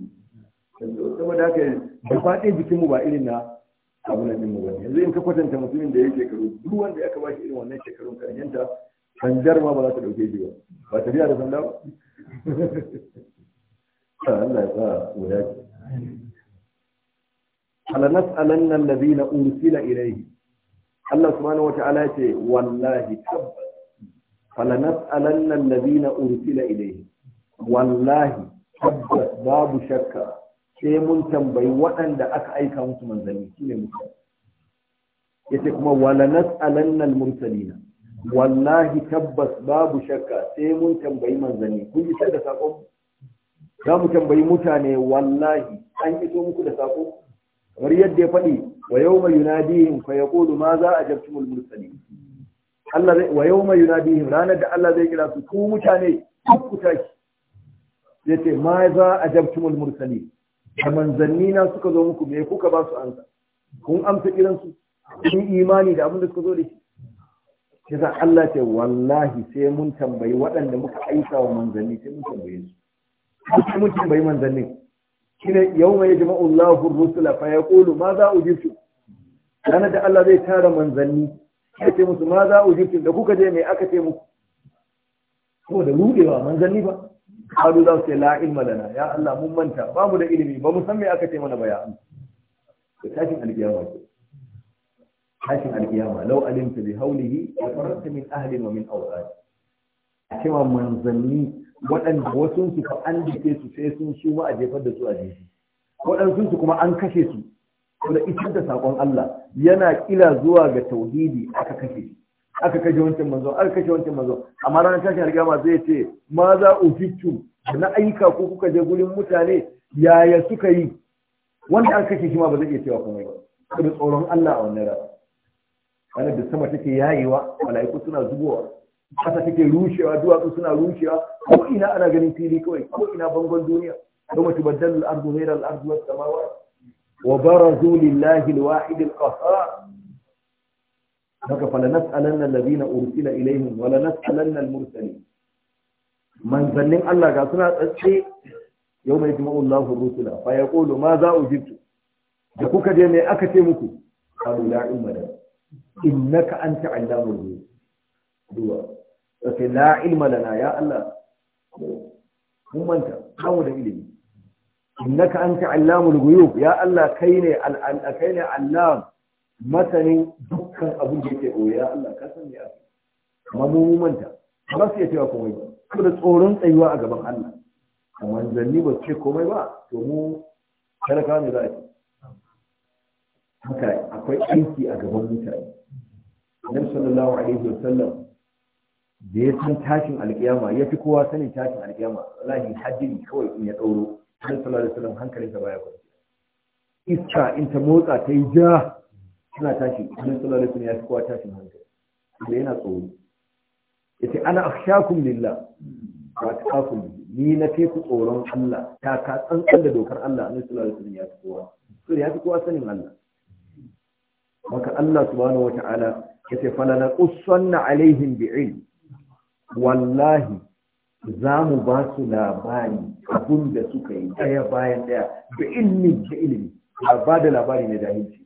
saboda haka da faɗin jikinmu ba irin na abu na mu ba yanzu in ka kwatanta mutumin da ya shekaru duk wanda ya ba shi irin wannan shekarun karyanta sanjar ma ba za ta dauke shi ba ta biya da sanda ba Allah ya sa guda ce ala nas'alanna alladhina ursila ilayhi Allah subhanahu wata'ala ce wallahi tabbas fala nas'alanna alladhina ursila ilayhi wallahi tabbas babu shakka sai mun tambayi waɗanda aka aika musu manzanni shine musa yace kuma wala nas'alanna al-mursalina wallahi tabbas babu shakka sai mun tambayi manzanni kun isar da sako za mu tambayi mutane wallahi an iso muku da sako kamar yadda ya faɗi wa mai yunadihim fa yaqulu ma za a mursalin Allah zai wa mai yunadihim ranar da Allah zai kira su ku mutane ku tashi zai ce ma za ajabtumul mursalin da manzanni na suka zo muku me kuka ba su ansa kun amsa kiransu kun imani da abin da suka zo da shi kisa Allah ce wallahi sai mun tambayi waɗanda muka aika wa manzanni sai mun tambaye su sai mun tambayi manzanni Kina yawma yajma'u Allahu ar-rusula fa kulu ma za ujibtu ranar da Allah zai tara manzanni ya ce musu ma za ujibtu da kuka je mai aka ce muku saboda rudewa manzanni ba kalu za su ce la ilma lana ya Allah mun manta ba mu da ilimi ba mu san me aka ce mana ba ya Allah tashin alkiyama ce tashin alkiyama law alimta bi hawlihi la farata min ahlin wa min awlad cewa manzanni waɗanda wasu su fa an su sai sun su ma a jefar da su a jeji waɗansu su kuma an kashe su da isar da sakon Allah yana kila zuwa ga tauhidi aka kashe aka kashe wancan manzo aka kashe wancan manzo amma ranar tashin alkiyama zai ce ma za u fitu? na aika ko kuka je gurin mutane yaya suka yi wanda an kashe shi ma ba zai iya cewa kuma ba da tsoron Allah a wannan rana ranar da sama take yayewa mala'iku suna zubowa ƙasa take rushewa duwatsu suna rushewa ko ina ana ganin fili kawai ko ina bangon duniya yawma tubaddalu al-ardu ghayra al-ardu was-samawati wa barazu lillahi al-wahid al-qahhar haka fa lanas'alanna alladhina ursila ilayhim wa lanas'alanna al-mursalin manzannin Allah ga suna tsatse yawma yajma'u Allahu ar-rusula fa yaqulu ma za ujibtu da kuka je me aka ce muku qalu la ilma innaka anta allamul ghuyub duwa sai la ilma lana ya Allah mun manta kawo da ilimi innaka anta allamul ghuyub ya Allah kai ne al kai ne allam masanin dukkan abin da yake koyi ya Allah ka san ya amma mun manta ba su iya cewa komai ba saboda tsoron tsayuwa a gaban Allah a manzanni ba ce komai ba to mu talaka ne za a yi haka akwai aiki a gaban mutane annabi sallallahu alaihi wa sallam da ya san tashin alƙiyama, ya fi kowa sanin tashin alkiyama wallahi hajjiri kawai in ya dauro annabi sallallahu alaihi hankalin hankalinsa baya kwanci iska in ta motsa ta yi ja tana tashi annabi sallallahu alaihi sallam ya fi kowa tashin hankali da yana tsoro yace ana akhshakum lillah ta kafin ni na fi ku tsoron Allah ta ka tsantsan da dokar Allah annabi sallallahu alaihi sallam ya fi kowa so ya fi kowa sanin Allah haka Allah subhanahu wata'ala ya ce falana qussanna alaihim bi'il wallahi za mu ba su labari abun da suka yi daya bayan daya da ilmi da ilimi ba da labari na jahilci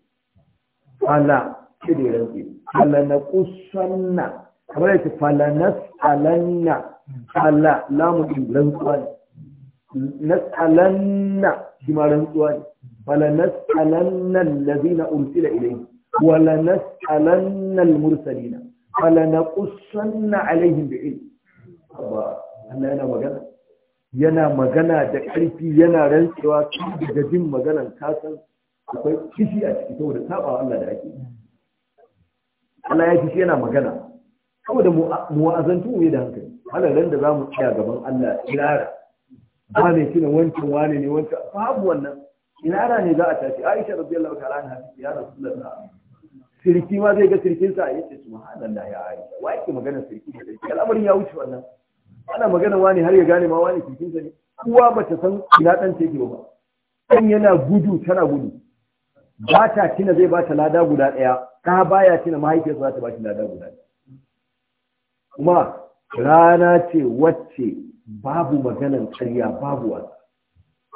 fala ce da rantsi falana qussanna kamar ce falanas alanna fala lamu din rantsuwa ne nas'alanna shi ma rantsuwa ne falanas alanna ursila ilayhi wala nas'alanna al-mursalina wala naqussanna alaihim bi'ilm Allah yana magana yana magana da ƙarfi yana rantsewa tun daga jin maganar kasan akwai kishi a ciki saboda saba Allah da ake Allah ya kishi yana magana saboda mu'azantu mu da hankali halalan da zamu tsaya gaban Allah kirara ba ne kina wancan wane ne wancan babu wannan irara ne za a tashi Aisha radiyallahu ta'ala anha ya rasulullah sirki ma zai ga sirkinsa ya ce subhanallah ya aisha wa yake magana sirki da sirki al'amarin ya wuce wannan ana magana wani har ya gane ma wani sirkinsa ne uwa bata san ina dan ke ba dan yana gudu tana gudu ba ta tina zai ba ta lada guda daya ta baya tina mahaifiyarsa za ta ba shi lada guda ɗaya kuma rana ce wacce babu maganan ƙarya babu wasa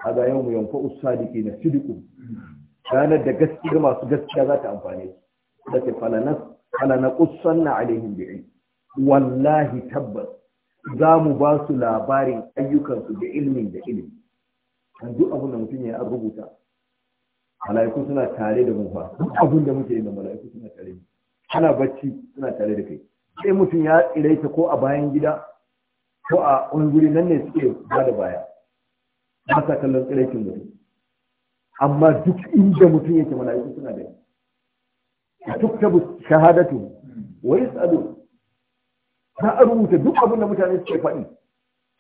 a ga yau mu yanfa ke na sidiku ranar da gaskiya masu gaskiya za ta amfane su ce fala na qussanna alaihim bi'i wallahi tabbas za mu ba su labarin ayyukansu da ilmin da ilimi an duk abin da mutum ya rubuta mala'iku suna tare da mu fa duk abin da muke yi da mala'iku suna tare da kana bacci suna tare da kai sai mutum ya tsire ta ko a bayan gida ko a wani guri nan ne suke ba da baya ba sa kallon tsirekin mutum amma duk inda mutum yake mala'iku suna da tuktabu shahadatu wa yas'alu ta a rubuta duk abin da mutane suke faɗi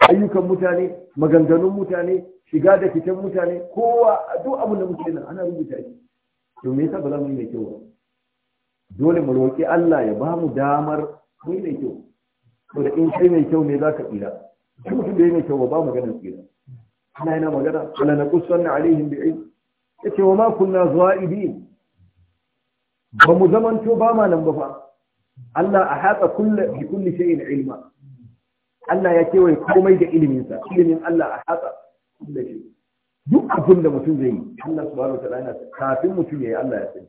ayyukan mutane maganganun mutane shiga da fitan mutane kowa duk abin da muke ana rubuta shi to me yasa ba za mu yi mai kyau dole mu roƙi Allah ya bamu mu damar mu yi mai kyau to in kai mai kyau ne za ka tsira duk mutum da mai kyau ba mu ganin tsira ana yana magana wala na kusanna alaihim bi'ilm yace wa ma kunna za'ibin ba mu zamanto ba ma nan ba fa Allah a haɗa bi kulli shay'in ilma Allah ya kewaye komai da iliminsa ilimin Allah a haɗa kulli shay duk abin da mutum zai yi Allah subhanahu wa ta'ala yana kafin mutum yayi Allah ya sani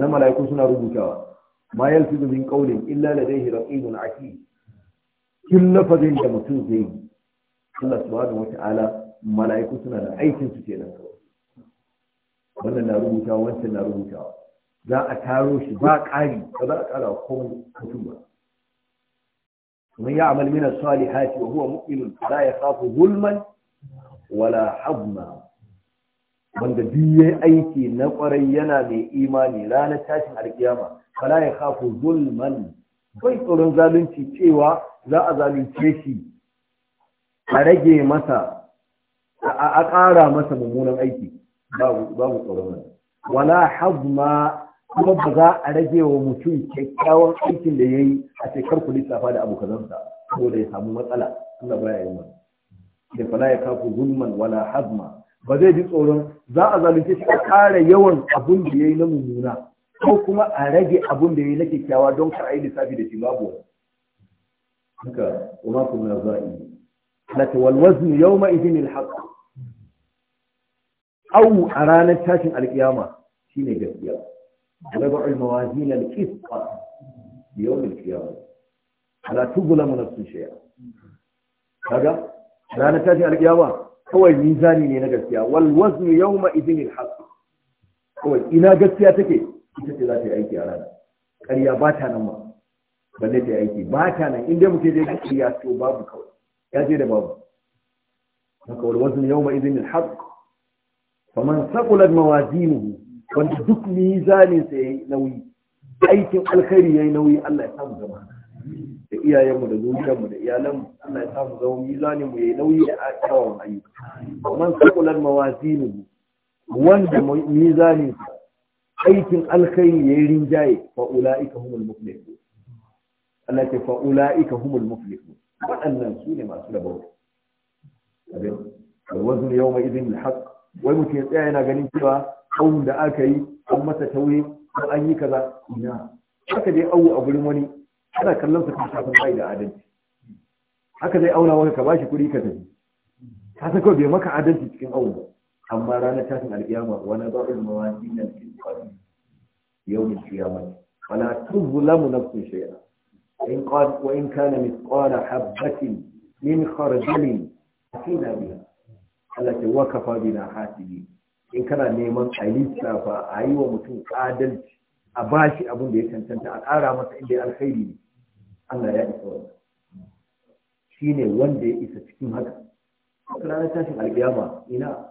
na mala'iku suna rubutawa ma yalfizu min qawlin illa ladayhi raqibun atid kin lafazin da mutum zai yi Allah subhanahu wa ta'ala mala'iku suna da aikin su kenan wannan na rubutawa wancan na rubutawa za a taro shi ba ƙari ba za a ƙara kowane kafin ba kuma ya amal mina salihati wa huwa mu'minun la yakhafu gulman wala hazma wanda duk yayi aiki na ƙwarai yana mai imani ranar tashin alkiyama fala ya khafu gulman bai tsoron zalunci cewa za a zalunce shi a rage masa a ƙara masa mummunan aiki babu tsoron wala hazma kuma ba za a rage wa mutum kyakkyawan aikin da ya yi a shekar ku lissafa da abokanansa da ya samu matsala ba baya yi mana da fala ya kafu zulman wala hazma ba zai ji tsoron za a zalunce shi a ƙara yawan abun da ya yi na mummuna ko kuma a rage abun da ya yi na kyakkyawa don kar a yi lissafi da shi babu haka kuma kuma za'i lati wal waznu yawma idhin al haqq aw a ranar tashin alkiyama shine gaskiya يضع الموازين القسط في يوم القيامه لا تظلم نفس شيئا هذا لا نتاج القيامه هو الميزان اللي نقصها والوزن يومئذ الحق هو الى قصتها تكي تكي لا تي ايتي على قال يا باتا نما بل تي ايتي باتا نما ان دم تي دي يا تو باب كو يا تي دي باب فكو الوزن يومئذ الحق فمن ثقلت موازينه wanda duk mizanin sa yayi nauyi aikin alkhairi yayi nauyi Allah ya samu zama da iyayenmu da zuriyarmu da iyalanmu Allah ya samu zama mizanin mu yayi nauyi da kyawawan ayyuka man saqulan mawazinu wanda mizanin aikin alkhairi yayi rinjaye fa ulaika humul muflihun Allah ya ce fa ulaika humul muflihun waɗannan su ne masu rabo abin wazn yawma idhin alhaq wai mutum ya tsaya yana ganin cewa awun da aka yi an masa tauye ko an yi kaza ina haka dai awu a gurin wani ana kallon sa kan kafin bai da adalci haka dai auna maka ka bashi kuɗi ka tafi ka san kawai bai maka adalci cikin awu ba amma ranar tashin alƙiyama wani ba'ul mawazin nan cikin kwari yawmin qiyamah wala tuzlamu nafsun shay'a in qad wa in kana mithqala habatin min khardalin atina biha Allah ke wakafa bina hasibi in kana neman a lissafa a yi wa mutum adalci a ba shi abin da ya cancanta a ƙara masa inda ya alkhairi ne Allah ya isa wannan shi ne wanda ya isa cikin haka ranar tashin alƙiyama ina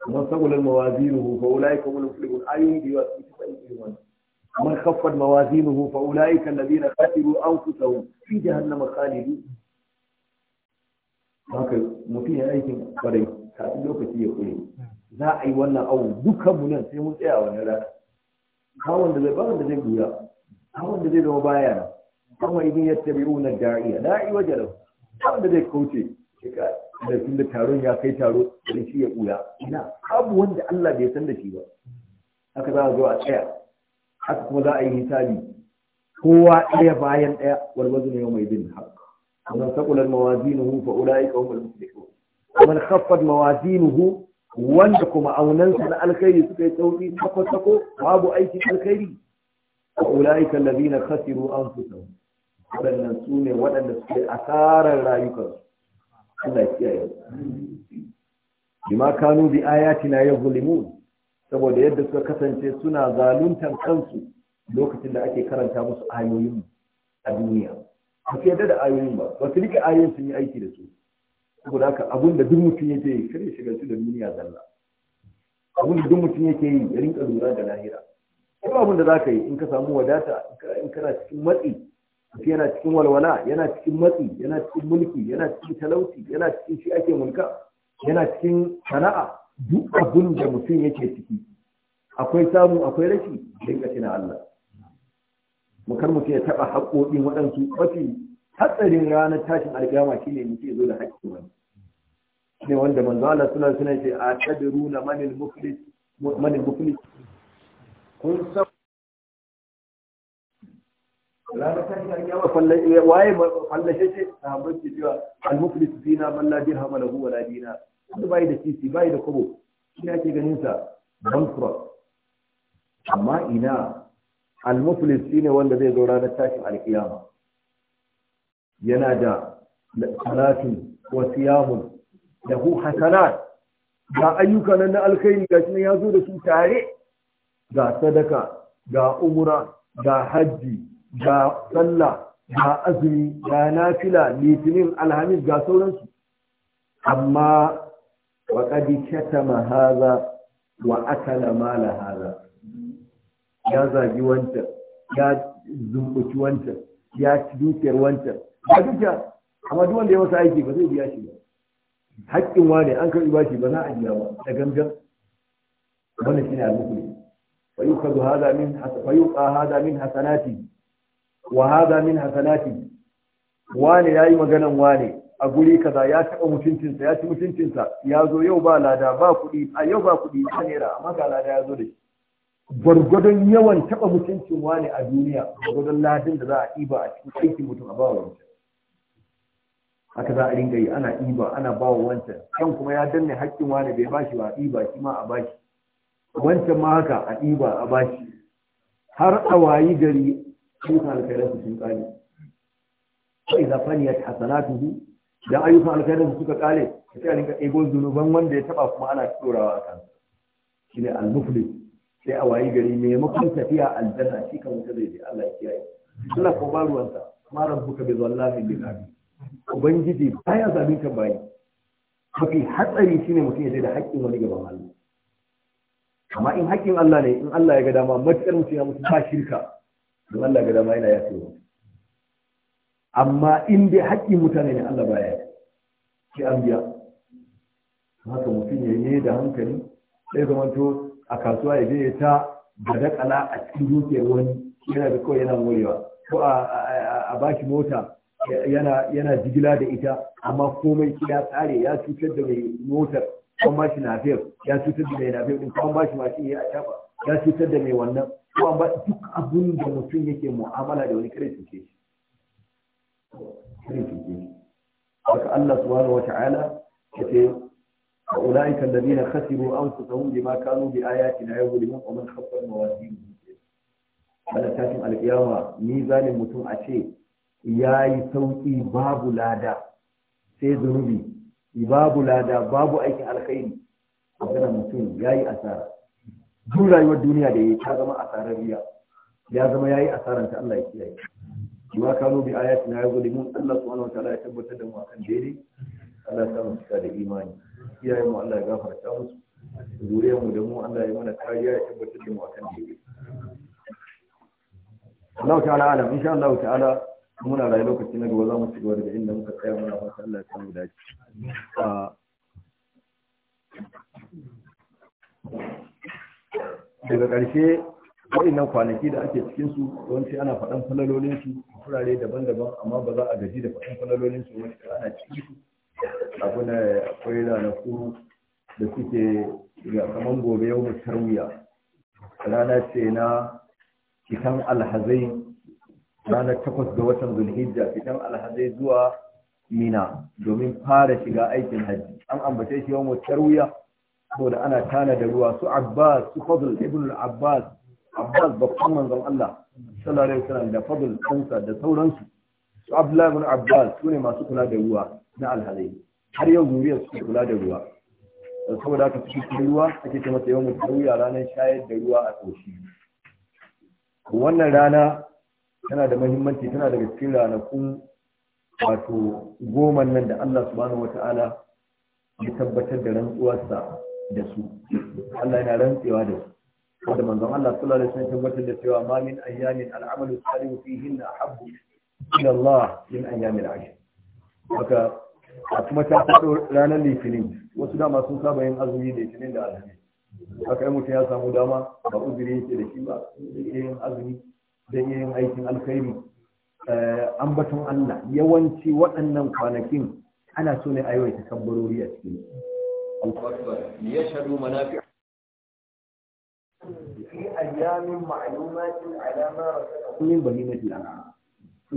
kuma sabulan mawazinuhu fa ulaika hum al-muflihun ayoyi da yawa sun taɓa irin wannan man khaffat mawazinuhu fa kafiru an khasiru anfusahum fi jahannama khalidun haka mutum ya aikin kwarai kafin lokaci ya kure za a yi wannan awu dukkan nan sai mun tsaya wannan rana ba wanda zai ba wanda zai gura ba wanda zai zama baya na, kuma idin ya tabi'u na da'iya da'i wajalan ba wanda zai kauce da tun da taron ya kai taro da shi ya buya ina abu wanda Allah bai san da shi ba haka za a zo a tsaya haka kuma za a yi hisabi kowa ɗaya bayan ɗaya walwazu yau mai bin haka wannan sakulan mawazinuhu fa ulaika humul muflihun man khaffat mawazinuhu wanda kuma aunansa na alkhairi suka yi tsauri tako tako babu aikin alkhairi wa ulaika alladhina khasiru anfusahum wadannan su ne waɗanda suke asarar rayukansu Allah ya kiyaye bima kanu bi ayatina yuzlimun saboda yadda suka kasance suna zaluntar kansu lokacin da ake karanta musu ayoyin a duniya ba su yadda da ayoyin ba ba su rike ayoyin sun yi aiki da su saboda haka abin da duk mutum yake yi kare shiga shi da duniya zalla abin da duk mutum yake yi ya rinka lura da lahira kuma abin da zaka yi in ka samu wadata in kana cikin matsi mutum yana cikin walwala yana cikin matsi yana cikin mulki yana cikin talauci yana cikin shi ake mulka yana cikin sana'a duk abin da mutum yake ciki akwai samu akwai rashi rinka tuna Allah mu kar mutum ya taba haƙoƙin waɗansu mafi hatsarin ranar tashin alkiyama shine mutum zo da haƙƙi wani ne wanda manzo Allah suna suna ce a tadruna manil muflis manil muflis kun san ranar tashin alkiyama fallace waye fallace ce sahabbai ce cewa al muflis fina man la dirham lahu wa la dinar wanda bai da sisi bai da kobo shi ake ganin sa bankrupt amma ina al muflis shine wanda zai zo ranar tashin alkiyama yana da salatun wa siyamun hu hasanat ga ayyuka nan na alkhairi ga ya zo da su tare ga sadaka ga umra ga hajji ga sallah ga azumi ga nafila litinin alhamis ga sauransu amma wa kadi shatama haza wa akala mala haza ya zagi wancan ya zumbuci wancan ya ci dukiyar wancan ba duka amma duk wanda ya masa aiki ba zai biya shi ba haƙƙin wane an karɓi shi ba za a biya ba da gangan wani shine ne mukmin wa yukhadhu hadha min wa yuqa min hasanati wa hadha min hasanati wane yi maganan wane a guri kaza ya taɓa mutuncinsa ya ci mutuncinsa ya zo yau ba lada ba kuɗi a yau ba kuɗi ta naira amma ga lada ya zo da shi gwargwadon yawan taɓa mutuncin wane a duniya gwargwadon ladin da za a ɗiba a cikin aikin mutum a bawa wancan haka za a ringa yi ana ɗiba ana ba wa wancan kan kuma ya danne haƙƙin wani bai ba shi ba a ɗiba shi ma a ba shi wancan ma haka a ɗiba a ba shi har a wayi gari ayyukan alkhairar su sun ƙare sai za faniyat bi dan ayyukan alkhairar su suka ƙare sai a ringa ɗebo zunuban wanda ya taɓa kuma ana tsorawa kan shine al-muflis sai a wayi gari maimakon tafiya aljanna shi kan wuta zai je Allah ya kiyaye Allah ko ba ruwansa kuma rabbuka bi zallahi bi nabi ubangiji baya zaluntar bayi mafi hatsari shine mutum ya da haƙƙin wani gaban Allah amma in haƙƙin Allah ne in Allah ya ga dama matuƙar mutum ya mutu ba shirka In Allah ya ga dama yana yafe wa amma in dai haƙƙin mutane ne Allah baya ya ki an biya haka mutum ya yi da hankali sai zamanto a kasuwa ya je ya ta a cikin dukiyar wani yana da kawai yana morewa ko a bashi mota yana jigila da ita amma komai ya tsare ya cutar da mai motar kwan bashi nafiyar ya cutar da mai nafiyar din an bashi mashin ya a ya cutar da mai wannan ko an duk abin da mutum yake mu'amala da wani kare cuce shi kare cuce shi haka Allah subhanahu wata'ala ya ce أولئك الذين خسروا أنفسهم بما كانوا بآياتنا يظلمون ومن خفت موازينه على تاتم القيامة ميزان متوم أشيء ya yi sauƙi babu lada sai zunubi babu lada babu aikin alkhairi a mutum ya yi asara duk rayuwar duniya da ya ta zama asarar riya ya zama ya yi asarar ta Allah ya kiyaye ma kano bi ayat na gudu mun Allah subhanahu wataala ya tabbatar da mu akan daidai Allah ta mu cika da imani kiyaye mu Allah ya gafarta musu zuriyar mu da mu Allah ya mana kariya ya tabbatar da mu akan daidai Allah ta'ala alam insha Allah ta'ala muna rayu lokaci na gaba za mu cigaba daga inda muka tsaya muna fata Allah ya samu dace daga ƙarshe waɗannan kwanaki da ake cikin su yawanci ana faɗan falalolin su furare daban-daban amma ba za a gaji da faɗan falalolin su wani ana cikin su abin da akwai ranaku da suke ga kaman gobe yau wuya rana ce na kitan alhazai ranar takwas ga watan zulhijja fitan alhazai zuwa mina domin fara shiga aikin hajji an ambace shi yawon tarwiya da ana tana da ruwa su abbas su fadl ibn abbas abbas babban manzon Allah sallallahu alaihi wasallam da fadl kansa da sauransu su abdullahi ibn abbas su ne masu kula da ruwa na alhazai har yau zuriyar su kula da ruwa saboda haka cikin ruwa ake ce masa yawon tarwiya ranar shayar da ruwa a tsoshi wannan rana tana da mahimmanci tana daga cikin ranakun wato goma nan da Allah subhanahu wata'ala ya tabbatar da rantsuwarsa da su Allah yana rantsewa da su wanda manzon Allah sallallahu alaihi wasallam tabbatar da cewa ma min ayyamin al'amalu salihu fihinna habbu ila Allah min ayyamin ashr haka a kuma ta fito ranar litinin wasu dama sun saba yin azumi da litinin da alhamis haka yi mutum ya samu dama ba uzuri yake da shi ba yin azumi don yin aikin alkhairi eh, ambaton Allah yawanci waɗannan kwanakin ana so ne aiwai kambarori a cikin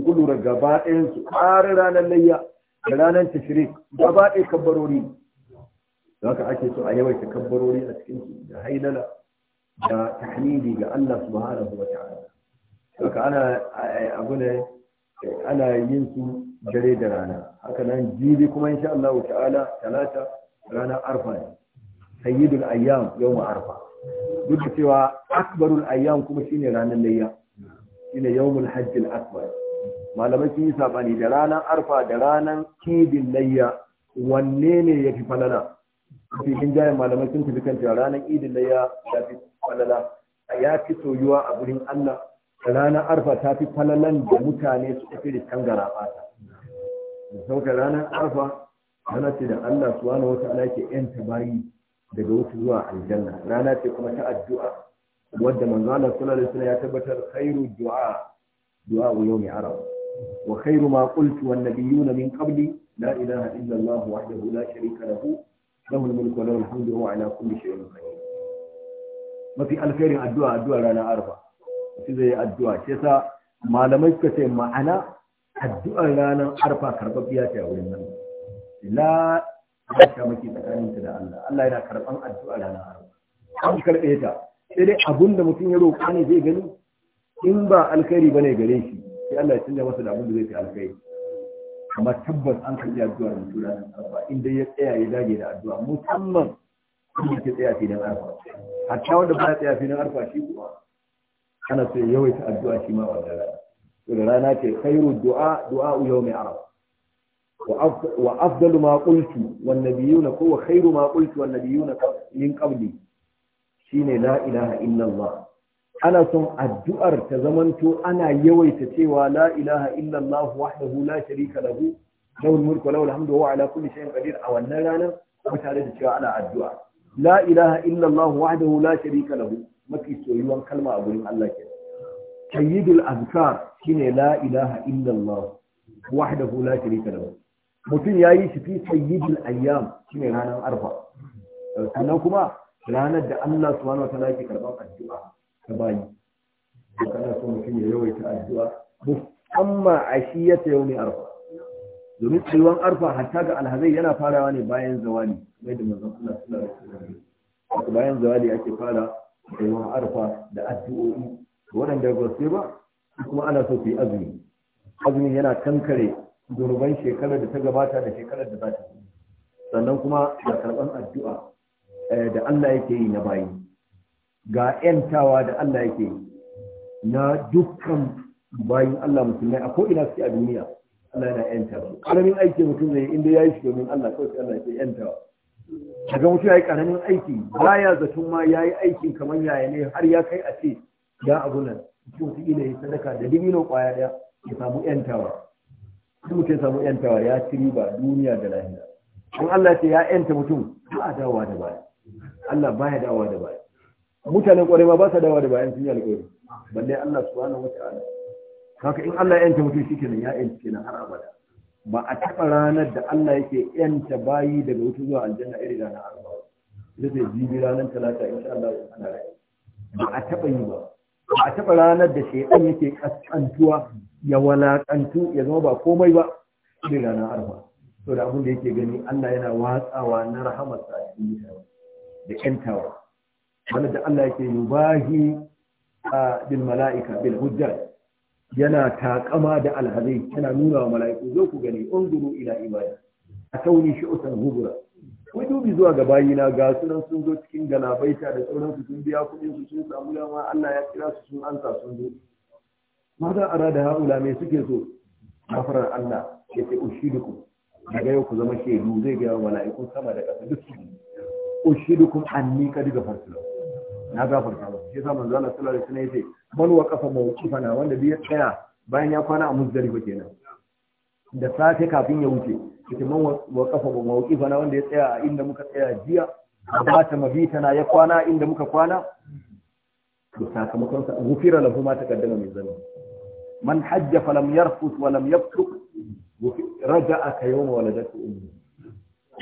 kulura gaba ɗayan su ƙarin ranar layya da ranar tashiri gaba ɗaya kabbarori da ake so a yawaita kabbarori a cikin su da hainala da tahmidi ga Allah subhanahu wa ta'ala haka ana abu ne ana yin su dare da rana haka nan jibi kuma insha Allah ta'ala talata ranar arfa ne sayyidul ayyam yawm arfa duk da cewa akbarul ayyam kuma shine ranar layya shine yawmul hajjil akbar malamai sun yi sabani da ranar arfa da ranar kidin layya wanne ne ya fi falala cikin jayin malamai sun tafi kan cewa ranar idin layya ya fi falala ya fi soyuwa a gurin Allah ranar arfa ta fi falalan da mutane su fi da can gara bata da sauka ranar arfa rana ce da Allah suwana wata ala ke yanta bayi daga wuce zuwa aljanna rana ce kuma ta addu'a wadda manzo Allah sallallahu alaihi ya tabbatar khairu du'a du'a yawmi arfa wa khairu ma qultu wan nabiyuna min qabli la ilaha illa Allah wahdahu la sharika lahu له الملك وله الحمد وهو على كل شيء قدير ما في الخير الدعاء الدعاء رانا أربعة shi zai yi addu'a ce sa malamai suka ce ma'ana addu'ar ranar arfa karɓaɓɓiya ce a wurin nan la ya sha maki tsakaninta da Allah Allah yana karɓan addu'a ranar arfa an karɓe ta sai dai abun da mutum ya roƙa ne zai gani in ba alkhairi bane gare shi sai Allah ya canza masa da abun da zai fi alkhairi amma tabbas an karɓi addu'ar mutum ranar arfa inda ya tsaya ya dage da addu'a musamman kuma ke tsaya filin arfa hatta wanda ba ya tsaya filin arfa shi kuwa ana so yawaita addu'a shi ma wannan rana to rana ce khairu du'a du'a mai arab wa afdalu ma qultu wan nabiyuna ko wa khairu ma qultu wan nabiyuna min qabli shine la ilaha illa allah ana son addu'ar ta zamanto ana yawaita cewa la ilaha illa allah wahdahu la sharika lahu lahul mulku wa lahul hamdu wa ala kulli shay'in qadir a wannan ranar kuma tare da cewa ana addu'a la ilaha illa allah wahdahu la sharika lahu mafi soyuwan kalma a gurin Allah ke sayyidul azkar shine la ilaha illallah wahdahu la sharika lahu mutum yayi shi fi sayyidul ayyam shine ranar arfa sannan kuma ranar da Allah subhanahu wa ta'ala ke karban addu'a ta bayi kana so mutum ya yawaita addu'a Amma a shi ya sayo arfa domin tsayuwan arfa hatta ga alhazai yana farawa ne bayan zawali mai da manzon Allah sallallahu alaihi wasallam bayan zawali ake fara da arfa da addu'o'i waɗanda ba su ba kuma ana so su yi azumi azumi yana kankare zunuban shekarar da ta gabata da shekarar da za ta sannan kuma da karɓar addu'a eh, da Allah yake yi na bayi ga ‘yantawa da Allah yake yi na dukkan bayin Allah musulmai a ko'ina suke a duniya Allah yana ‘yantawa su ƙaramin aiki mutum zai inda ya yi shi domin Allah kawai Allah yake ‘yantawa daga mutum ya yi ƙaramin aiki baya zaton ma ya yi aikin kamar yaya ne har ya kai a ce ya abu nan mutum su ila yi sadaka da dimino ƙwaya ɗaya ya samu ‘yantawa su mutum ya samu ‘yantawa ya ci riba duniya da lahira in Allah ce ya ‘yanta mutum ba a dawowa da baya Allah baya dawowa da baya mutanen ƙwarai ma ba sa dawowa da bayan sun yi alƙawari balle Allah subhanahu wa ta'ala haka in Allah ya ‘yanta mutum shi kenan ya ‘yanta kenan har abada ba a taɓa ranar da Allah yake yanta bayi daga wuta zuwa aljanna iri ranar arba ita ce jibi ranar talata insha Allah ana rai ba a taɓa yi ba ba a taɓa ranar da shaidan yake kaskantuwa ya walakantu ya zama ba komai ba iri ranar arba to da abin da yake gani Allah yana watsawa na rahamarsa a cikin mutane da yantawa wanda da Allah yake yubahi a bil mala'ika bil hujjat yana takama da alhazai yana nuna wa mala'iku zo ku gani guru ina imani, a tauni shi usan hubura ku dubi zuwa ga bayina ga sunan sun zo cikin galabaita da sauransu sun biya kuɗin su sun samu yawa Allah ya kira su sun ansa sun zo maza a da haula me suke so Mafarar Allah ya ce ushidukum daga yau ku zama shaidu zai ga mala'iku sama da ƙasa duk su ushidukum anni kadiga farsulau na gafarta ba shi yasa manzo Allah sallallahu alaihi wasallam yace bal wa qafa mawqifana wanda bi ya tsaya bayan ya kwana a muzdalifa kenan da safe kafin ya wuce yace man wa qafa mawqifana wanda ya tsaya inda muka tsaya jiya ba ta mabitana ya kwana inda muka kwana to sakamakon sa gufira lahu ma taqaddama min zambi man hajja falam yarfus wa lam yafsuq raja'a ka yawma waladatu ummu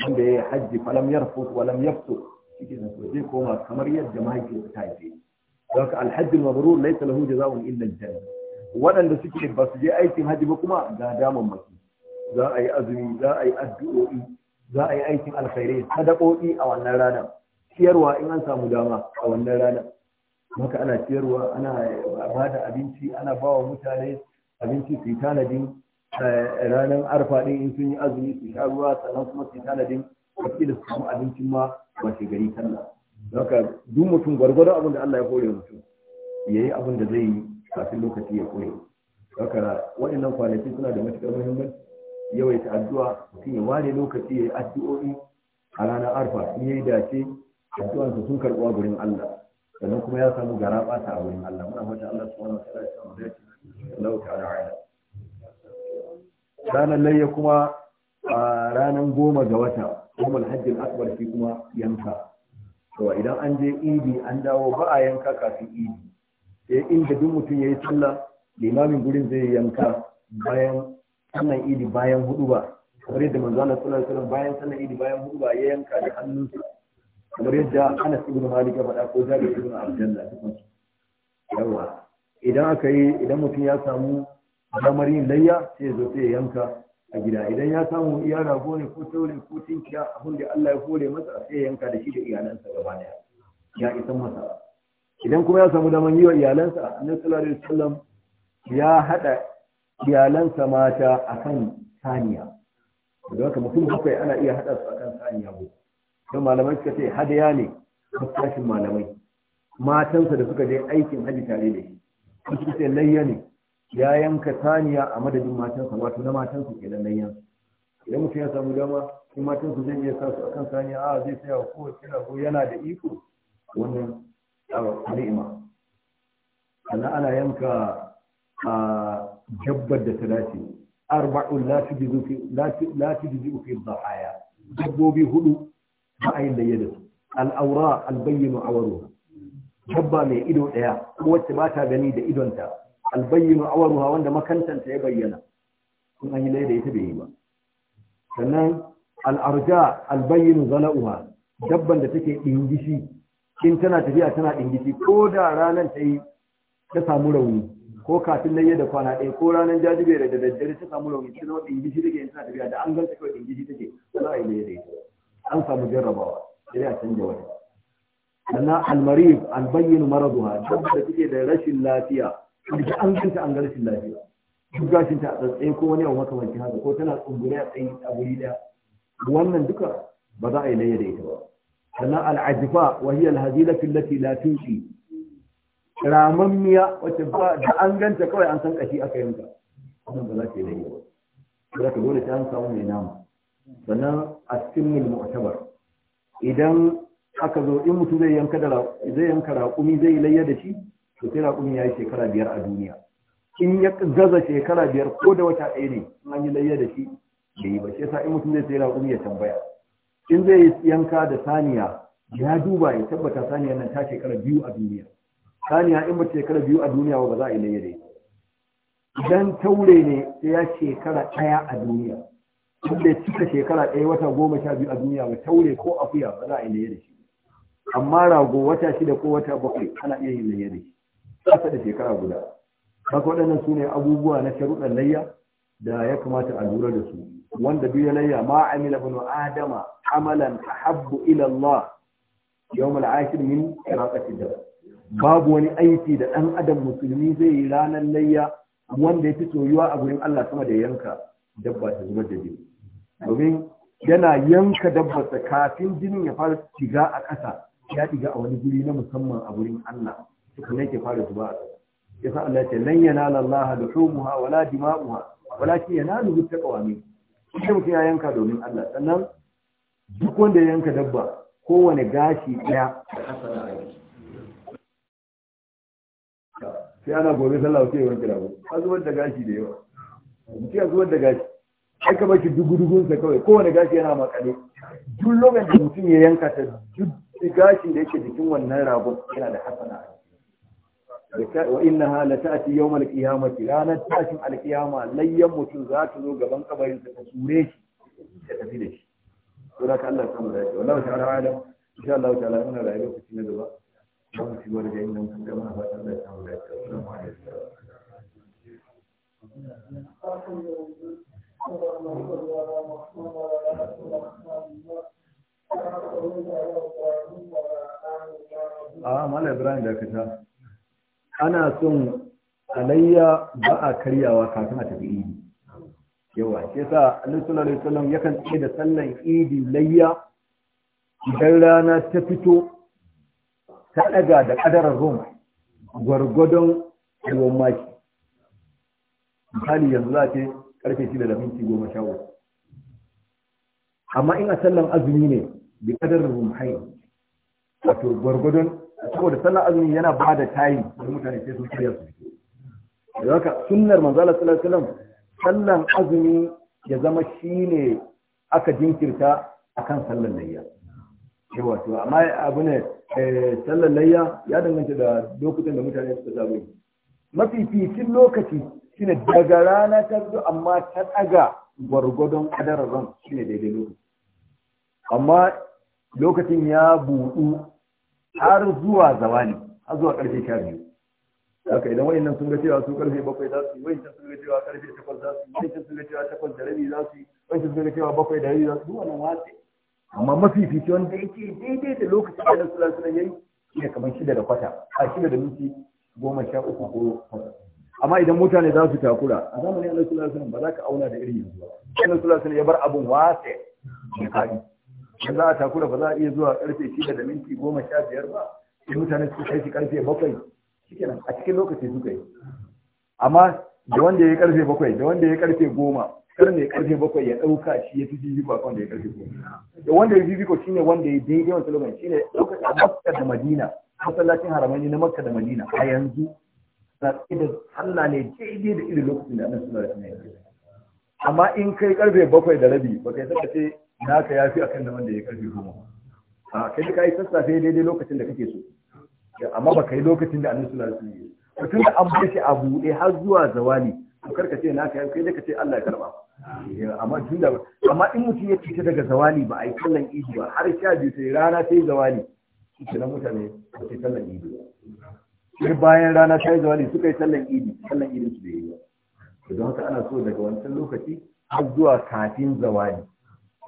wanda ya hajji falam yarfus wa lam yafsuq cikin nasu zai koma kamar yadda mahaifiyarsa ta haife don ka alhaji mabrur laysa lahu jazaa'un illa aljanna waɗanda suke ba su je aikin hajji ba kuma ga daman masu, za a yi azumi za a yi addu'o'i za a yi aikin alkhairai sadakoki a wannan rana ciyarwa in an samu dama a wannan rana maka ana ciyarwa ana ba da abinci ana ba wa mutane abinci su yi tanadin eh, ranar arfa ɗin in sun yi azumi su sha ruwa sannan kuma su yi tanadin wakil su samu abincin ma wace gari sallah don duk mutum gwargwadon abin da Allah ya kore mutum ya yi abin da zai yi kafin lokaci ya kore haka waɗannan kwanaki suna da matuƙar muhimmanci yawaita addu'a mutum ya ware lokaci ya addu'o'i a ranar arfa in ya yi dace sun karɓuwa gurin Allah sannan kuma ya samu gara ɓata a wurin Allah muna fata Allah subhanahu wa ta'ala ya samu dace Allah ta ala ranar layya kuma a ranar goma ga wata kuma hajji akbar shi kuma yanka to idan an je idi an dawo ba a yanka kafin idi sai inda duk mutum yayi sallah limamin gurin zai yanka bayan sannan idi bayan hudu ba kamar yadda manzo Allah sallallahu alaihi wasallam bayan sannan idi bayan hudu ba ya yanka da hannunsa kamar yadda Anas ibn Malik ya faɗa ko Jabir ibn Abdullah dukkan yawa idan aka yi idan mutum ya samu damar yin layya sai zo sai yanka a gida idan ya samu iya rago ne ko taure ko tinkiya abin da Allah ya kore masa a sai yanka da shi da iyalansa gaba daya ya isa masa idan kuma ya samu daman yi wa iyalansa annabi sallallahu alaihi wasallam ya hada iyalansa mata akan saniya da haka mutum bakwai ana iya hada su akan saniya ko don malamai suka ce hadaya ne tashin malamai matansa da suka je aikin haji tare da shi suka ce layya ne ya yanka saniya a madadin matansa wato na matansa ke da layan idan mutum ya samu dama in matansa zai iya sa su akan saniya a zai saya ko na ko yana da iko wannan ni'ima sannan ana yanka a jabbar da ta dace arba'un la tujzi fi dhahaya dabbobi hudu ba a yin da su al'aura albayyinu awaru dabba mai ido ɗaya. ko wacce ba ta gani da idonta albayyinu awaruha wanda makantanta ya bayyana kun an yi da ita bai yi ba sannan al'arja albayyinu zala'uha dabban da take dingishi in tana tafiya tana dingishi ko da ranar ta yi ta samu rauni ko kafin nan da kwana ɗaya ko ranar jajibere da daddare ta samu rauni ta zama dingishi take in tana tafiya da an ganta kawai dingishi take za a yi da ita an samu jarrabawa sai a canja wani sannan almarif albayyinu maraduha dabba da take da rashin lafiya da an ganta an garashin lafiya duk gashin ta a tsatsaye ko wani abu makamancin haka ko tana tsungure a tsayi a guri daya wannan duka ba za a yi layya da ita ba sannan al'ajifa wa hiya al-hazilatu allati la tunshi ramammiya wace ba da an ganta kawai an san kashi aka yanka wannan ba za ta yi layya ba za ta dole sai an samu mai nama sannan mil mu'tabar idan aka zo in mutum zai yanka da zai yanka raƙumi zai layya da shi to sai raƙumi ya yi shekara biyar a duniya in ya gaza shekara biyar ko da wata ɗaya ne in an yi layya da shi da yi ba shi yasa in mutum zai sai raƙumi ya tambaya in zai yi yanka da saniya ya duba ya tabbata saniya nan ta shekara biyu a duniya saniya in ba shekara biyu a duniya ba za a yi layya da shi. idan taure ne sai ya shekara ɗaya a duniya da cika shekara ɗaya wata goma sha biyu a duniya ba taure ko akuya ba za a yi layya da shi amma rago wata shida ko wata bakwai ana iya yin layya da shi ƙasa da shekara guda haka waɗannan su ne abubuwa na sharuɗan layya da ya kamata a lura da su wanda duk ya layya ma amila banu adama amalan ahabbu ila Allah yawm akhir min iraqati da babu wani aiki da ɗan adam musulmi zai yi ranar layya wanda ya fi soyuwa a gurin Allah sama da yanka dabba ta zubar da jini domin yana yanka dabbarsa kafin jinin ya fara shiga a ƙasa ya shiga a wani guri na musamman a gurin Allah sannan ke fara zuba ya sa Allah ce lan yanala Allah duhumuha wala dima'uha walakin yanalu bittaqwa min shi mutum ya yanka domin Allah sannan duk wanda ya yanka dabba kowane gashi daya sai ana gobe sallah sai yawan kira ku a zubar da gashi da yawa mutum ya zubar da gashi ai ka baki dugu-dugun sa kawai kowane gashi yana makale duk lokacin da mutum ya yanka ta duk gashin da yake jikin wannan ragon yana da hasana wa innaha la ta'ti yawm al-qiyamati ranar tashin al-qiyama layyan mutum za ta zo gaban kabarin ta sure shi ta tafi da shi to da Allah ya mu dace wallahi ta'ala alam insha Allah ta'ala muna da lokaci na gaba za mu ci gaba da yin nan da muna fatan da ta mu dace assalamu alaikum Ah, Malam Ibrahim da ka ana son alayya ba a karyawa kafin a tafi idi yawa ke sa alisunan sallallahu ya kan yakan tsaye da sallan idi layya idan rana ta fito ta daga da kadarar roma gwargwadon ruwan maki misali yanzu za ce karfe shida da minti goma sha uku amma ina sallan azumi ne da kadarar hain wato gwargwadon saboda sallar azumi yana ba da tayi da mutane sai sun shirya su da haka sunnar manzala sallallahu alaihi wasallam sallan azumi ya zama shine aka jinkirta akan sallar layya cewa to amma abu ne eh, sallar layya ya danganta da lokutan da mutane suka Mafi mafificin lokaci shine daga rana ta zo amma ta daga gwargwadon kadarar ran shine daidai lokaci amma lokacin ya buɗu har zuwa zawani har zuwa karfe sha biyu haka idan wayannan sun ga cewa su karfe bakwai za su yi wayancan sun ga cewa karfe takwas za su yi wayancan sun ga cewa takwas da rabi za su yi wayancan sun ga cewa bakwai da rabi za su yi wannan wace amma mafi fice wanda yake daidai da lokacin da nan lasu na yayi shine kamar shida da kwata a shida da minti goma sha uku ko kwata amma idan mutane za su takura a zamanin annabi sallallahu alaihi wasallam ba za ka auna da irin yanzu ba annabi sallallahu alaihi wasallam ya bar abun wasa ya kai ba za a takura ba za a iya zuwa karfe shida da minti goma sha biyar ba sai mutane su kai shi karfe bakwai shikenan a cikin lokaci suka yi amma da wanda ya yi karfe bakwai da wanda ya yi karfe goma kar ne karfe bakwai ya ɗauka shi ya fi fifiko a wanda ya karfe goma da wanda ya fifiko shi ne wanda ya daidai wani lokacin shi ne ɗaukar a makka da madina masallacin haramani na makka da madina a yanzu na da sallah ne daidai da irin lokacin da annabi sallallahu alaihi wasallam amma in kai karfe bakwai da rabi baka yi saka sai naka ya fi akan da wanda ya karfi goma a kai ka yi sassafe daidai lokacin da kake so amma ba kai yi lokacin da annabi sallallahu alaihi wasallam mutum da an bashi a buɗe har zuwa zawali to karka ce naka kai da kace Allah ya karba amma tun da amma in mutum ya fita daga zawali ba a yi sallan idi ba har sha biyu sai rana sai zawali shi nan mutane ba sai sallan idi sai bayan rana sai zawali suka yi sallan idi sallan idin su da yi ba don haka ana so daga wancan lokaci har zuwa kafin zawali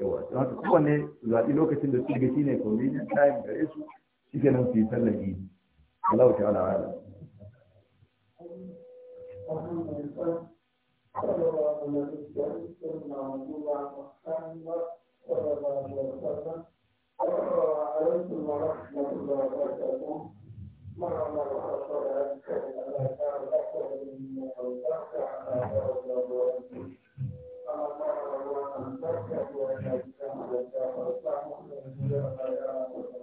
yawa don haka kowanne su zaɓi lokacin da suke shi ne convenient time gare su shi ke nan su yi Allah ta ala ala Thank you. Thank you.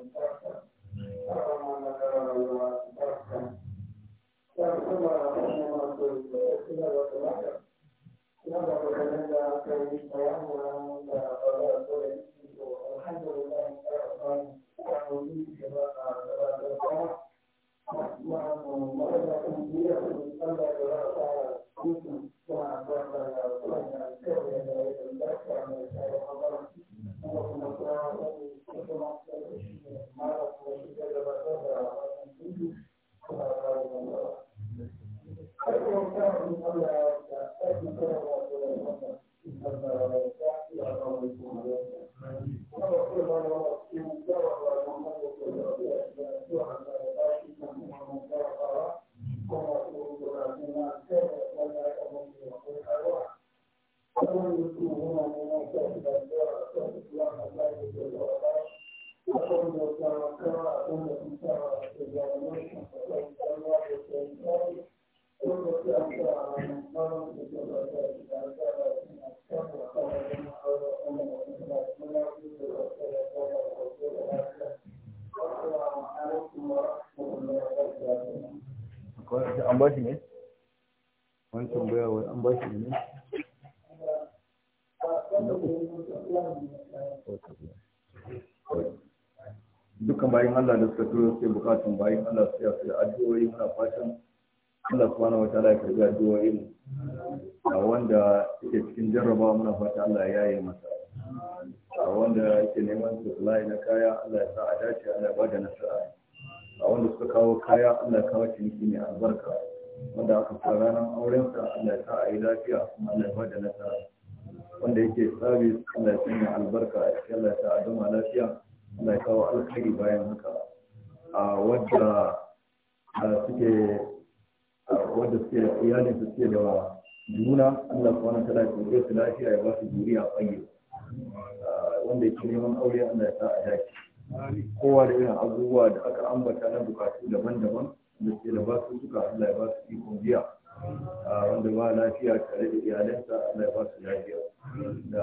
Allah da suka turo suke bukatun bayan Allah su yasa addu'o'i muna fatan Allah subhanahu wa ta'ala ya karbi addu'o'i mu a wanda yake cikin jarrabawa muna fata Allah ya yaye masa a wanda yake neman supply na kaya Allah ya sa a dace Allah ya bada nasara a wanda suka kawo kaya Allah ya kawo ciniki mai albarka wanda aka sa ranar aurensa Allah ya sa a yi lafiya kuma Allah ya bada nasara wanda yake sabis Allah ya sanya albarka a cikin Allah ya sa a dama lafiya Allah ya kawo alkhairi bayan haka a wadda suke wadda suke iyalin su suke da juna Allah subhanahu wa ta'ala ya su lafiya ya ba su juriya tsaye wanda yake neman aure Allah ya sa a dace kowa da irin abubuwa da aka ambata na bukatu daban-daban da suke da ba su suka Allah ya ba su ikon biya wanda ba lafiya tare da iyalansa Allah ya ba su lafiya da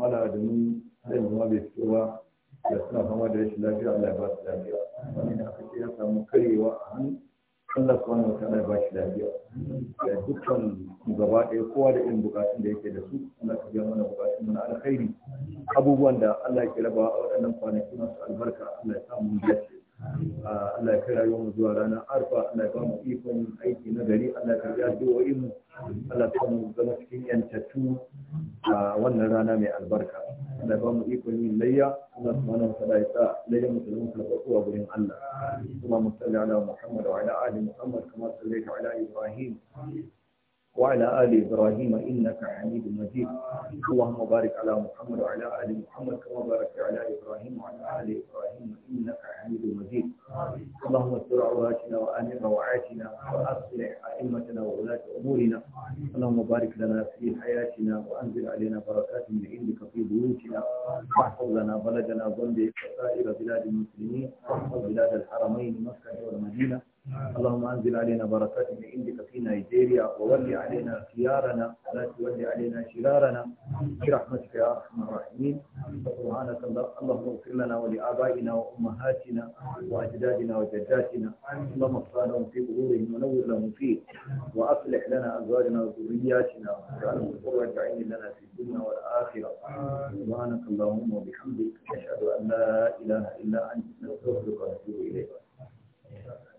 mala domin zai ma bai fito ba da suna fama da rashin lafiya Allah ya ba su lafiya wani da aka ce ya samu karyewa a hannu Allah subhanahu wa ta'ala ba shi lafiya da dukkan gaba ɗaya kowa da irin bukatun da yake da su Allah ka biya mana bukatun mana alkhairi abubuwan da Allah ya ke raba a waɗannan kwanaki masu albarka Allah ya samu biyar. Allah ya kira yau zuwa ranar arfa Allah ya ba mu ikon aiki na gari Allah ya karbi addu'o'in mu Allah ya mu zama cikin yantattu a wannan rana mai albarka Allah ya ba mu ikon yin layya Allah subhanahu wa ta'ala ya sa layya mu zama karɓaɓɓuwa gurin Allah kuma mu salli ala Muhammad wa ala ali Muhammad kama sallaita ala Ibrahim وعلى آل إبراهيم إنك حميد مجيد اللهم بارك على محمد وعلى آل محمد كما باركت على إبراهيم وعلى آل إبراهيم إنك حميد مجيد اللهم استر عوراتنا وآمن روعاتنا وأصلح أئمتنا وولاة أمورنا اللهم بارك لنا في حياتنا وأنزل علينا بركات من عندك في بيوتنا واحفظ لنا بلدنا ظل وسائر بلاد المسلمين واحفظ بلاد الحرمين مكة والمدينة اللهم انزل علينا بركات من عندك في نيجيريا وول علينا خيارنا ولا تول علينا شرارنا برحمتك يا ارحم الراحمين سبحانك اللهم اغفر لنا ولابائنا وامهاتنا واجدادنا وجداتنا اللهم اغفر لهم في ظهورهم ونور لهم فيه واصلح لنا ازواجنا وذرياتنا واجعلهم قرة عين لنا في الدنيا والاخره سبحانك اللهم وبحمدك اشهد ان لا اله الا انت نستغفرك ونتوب اليك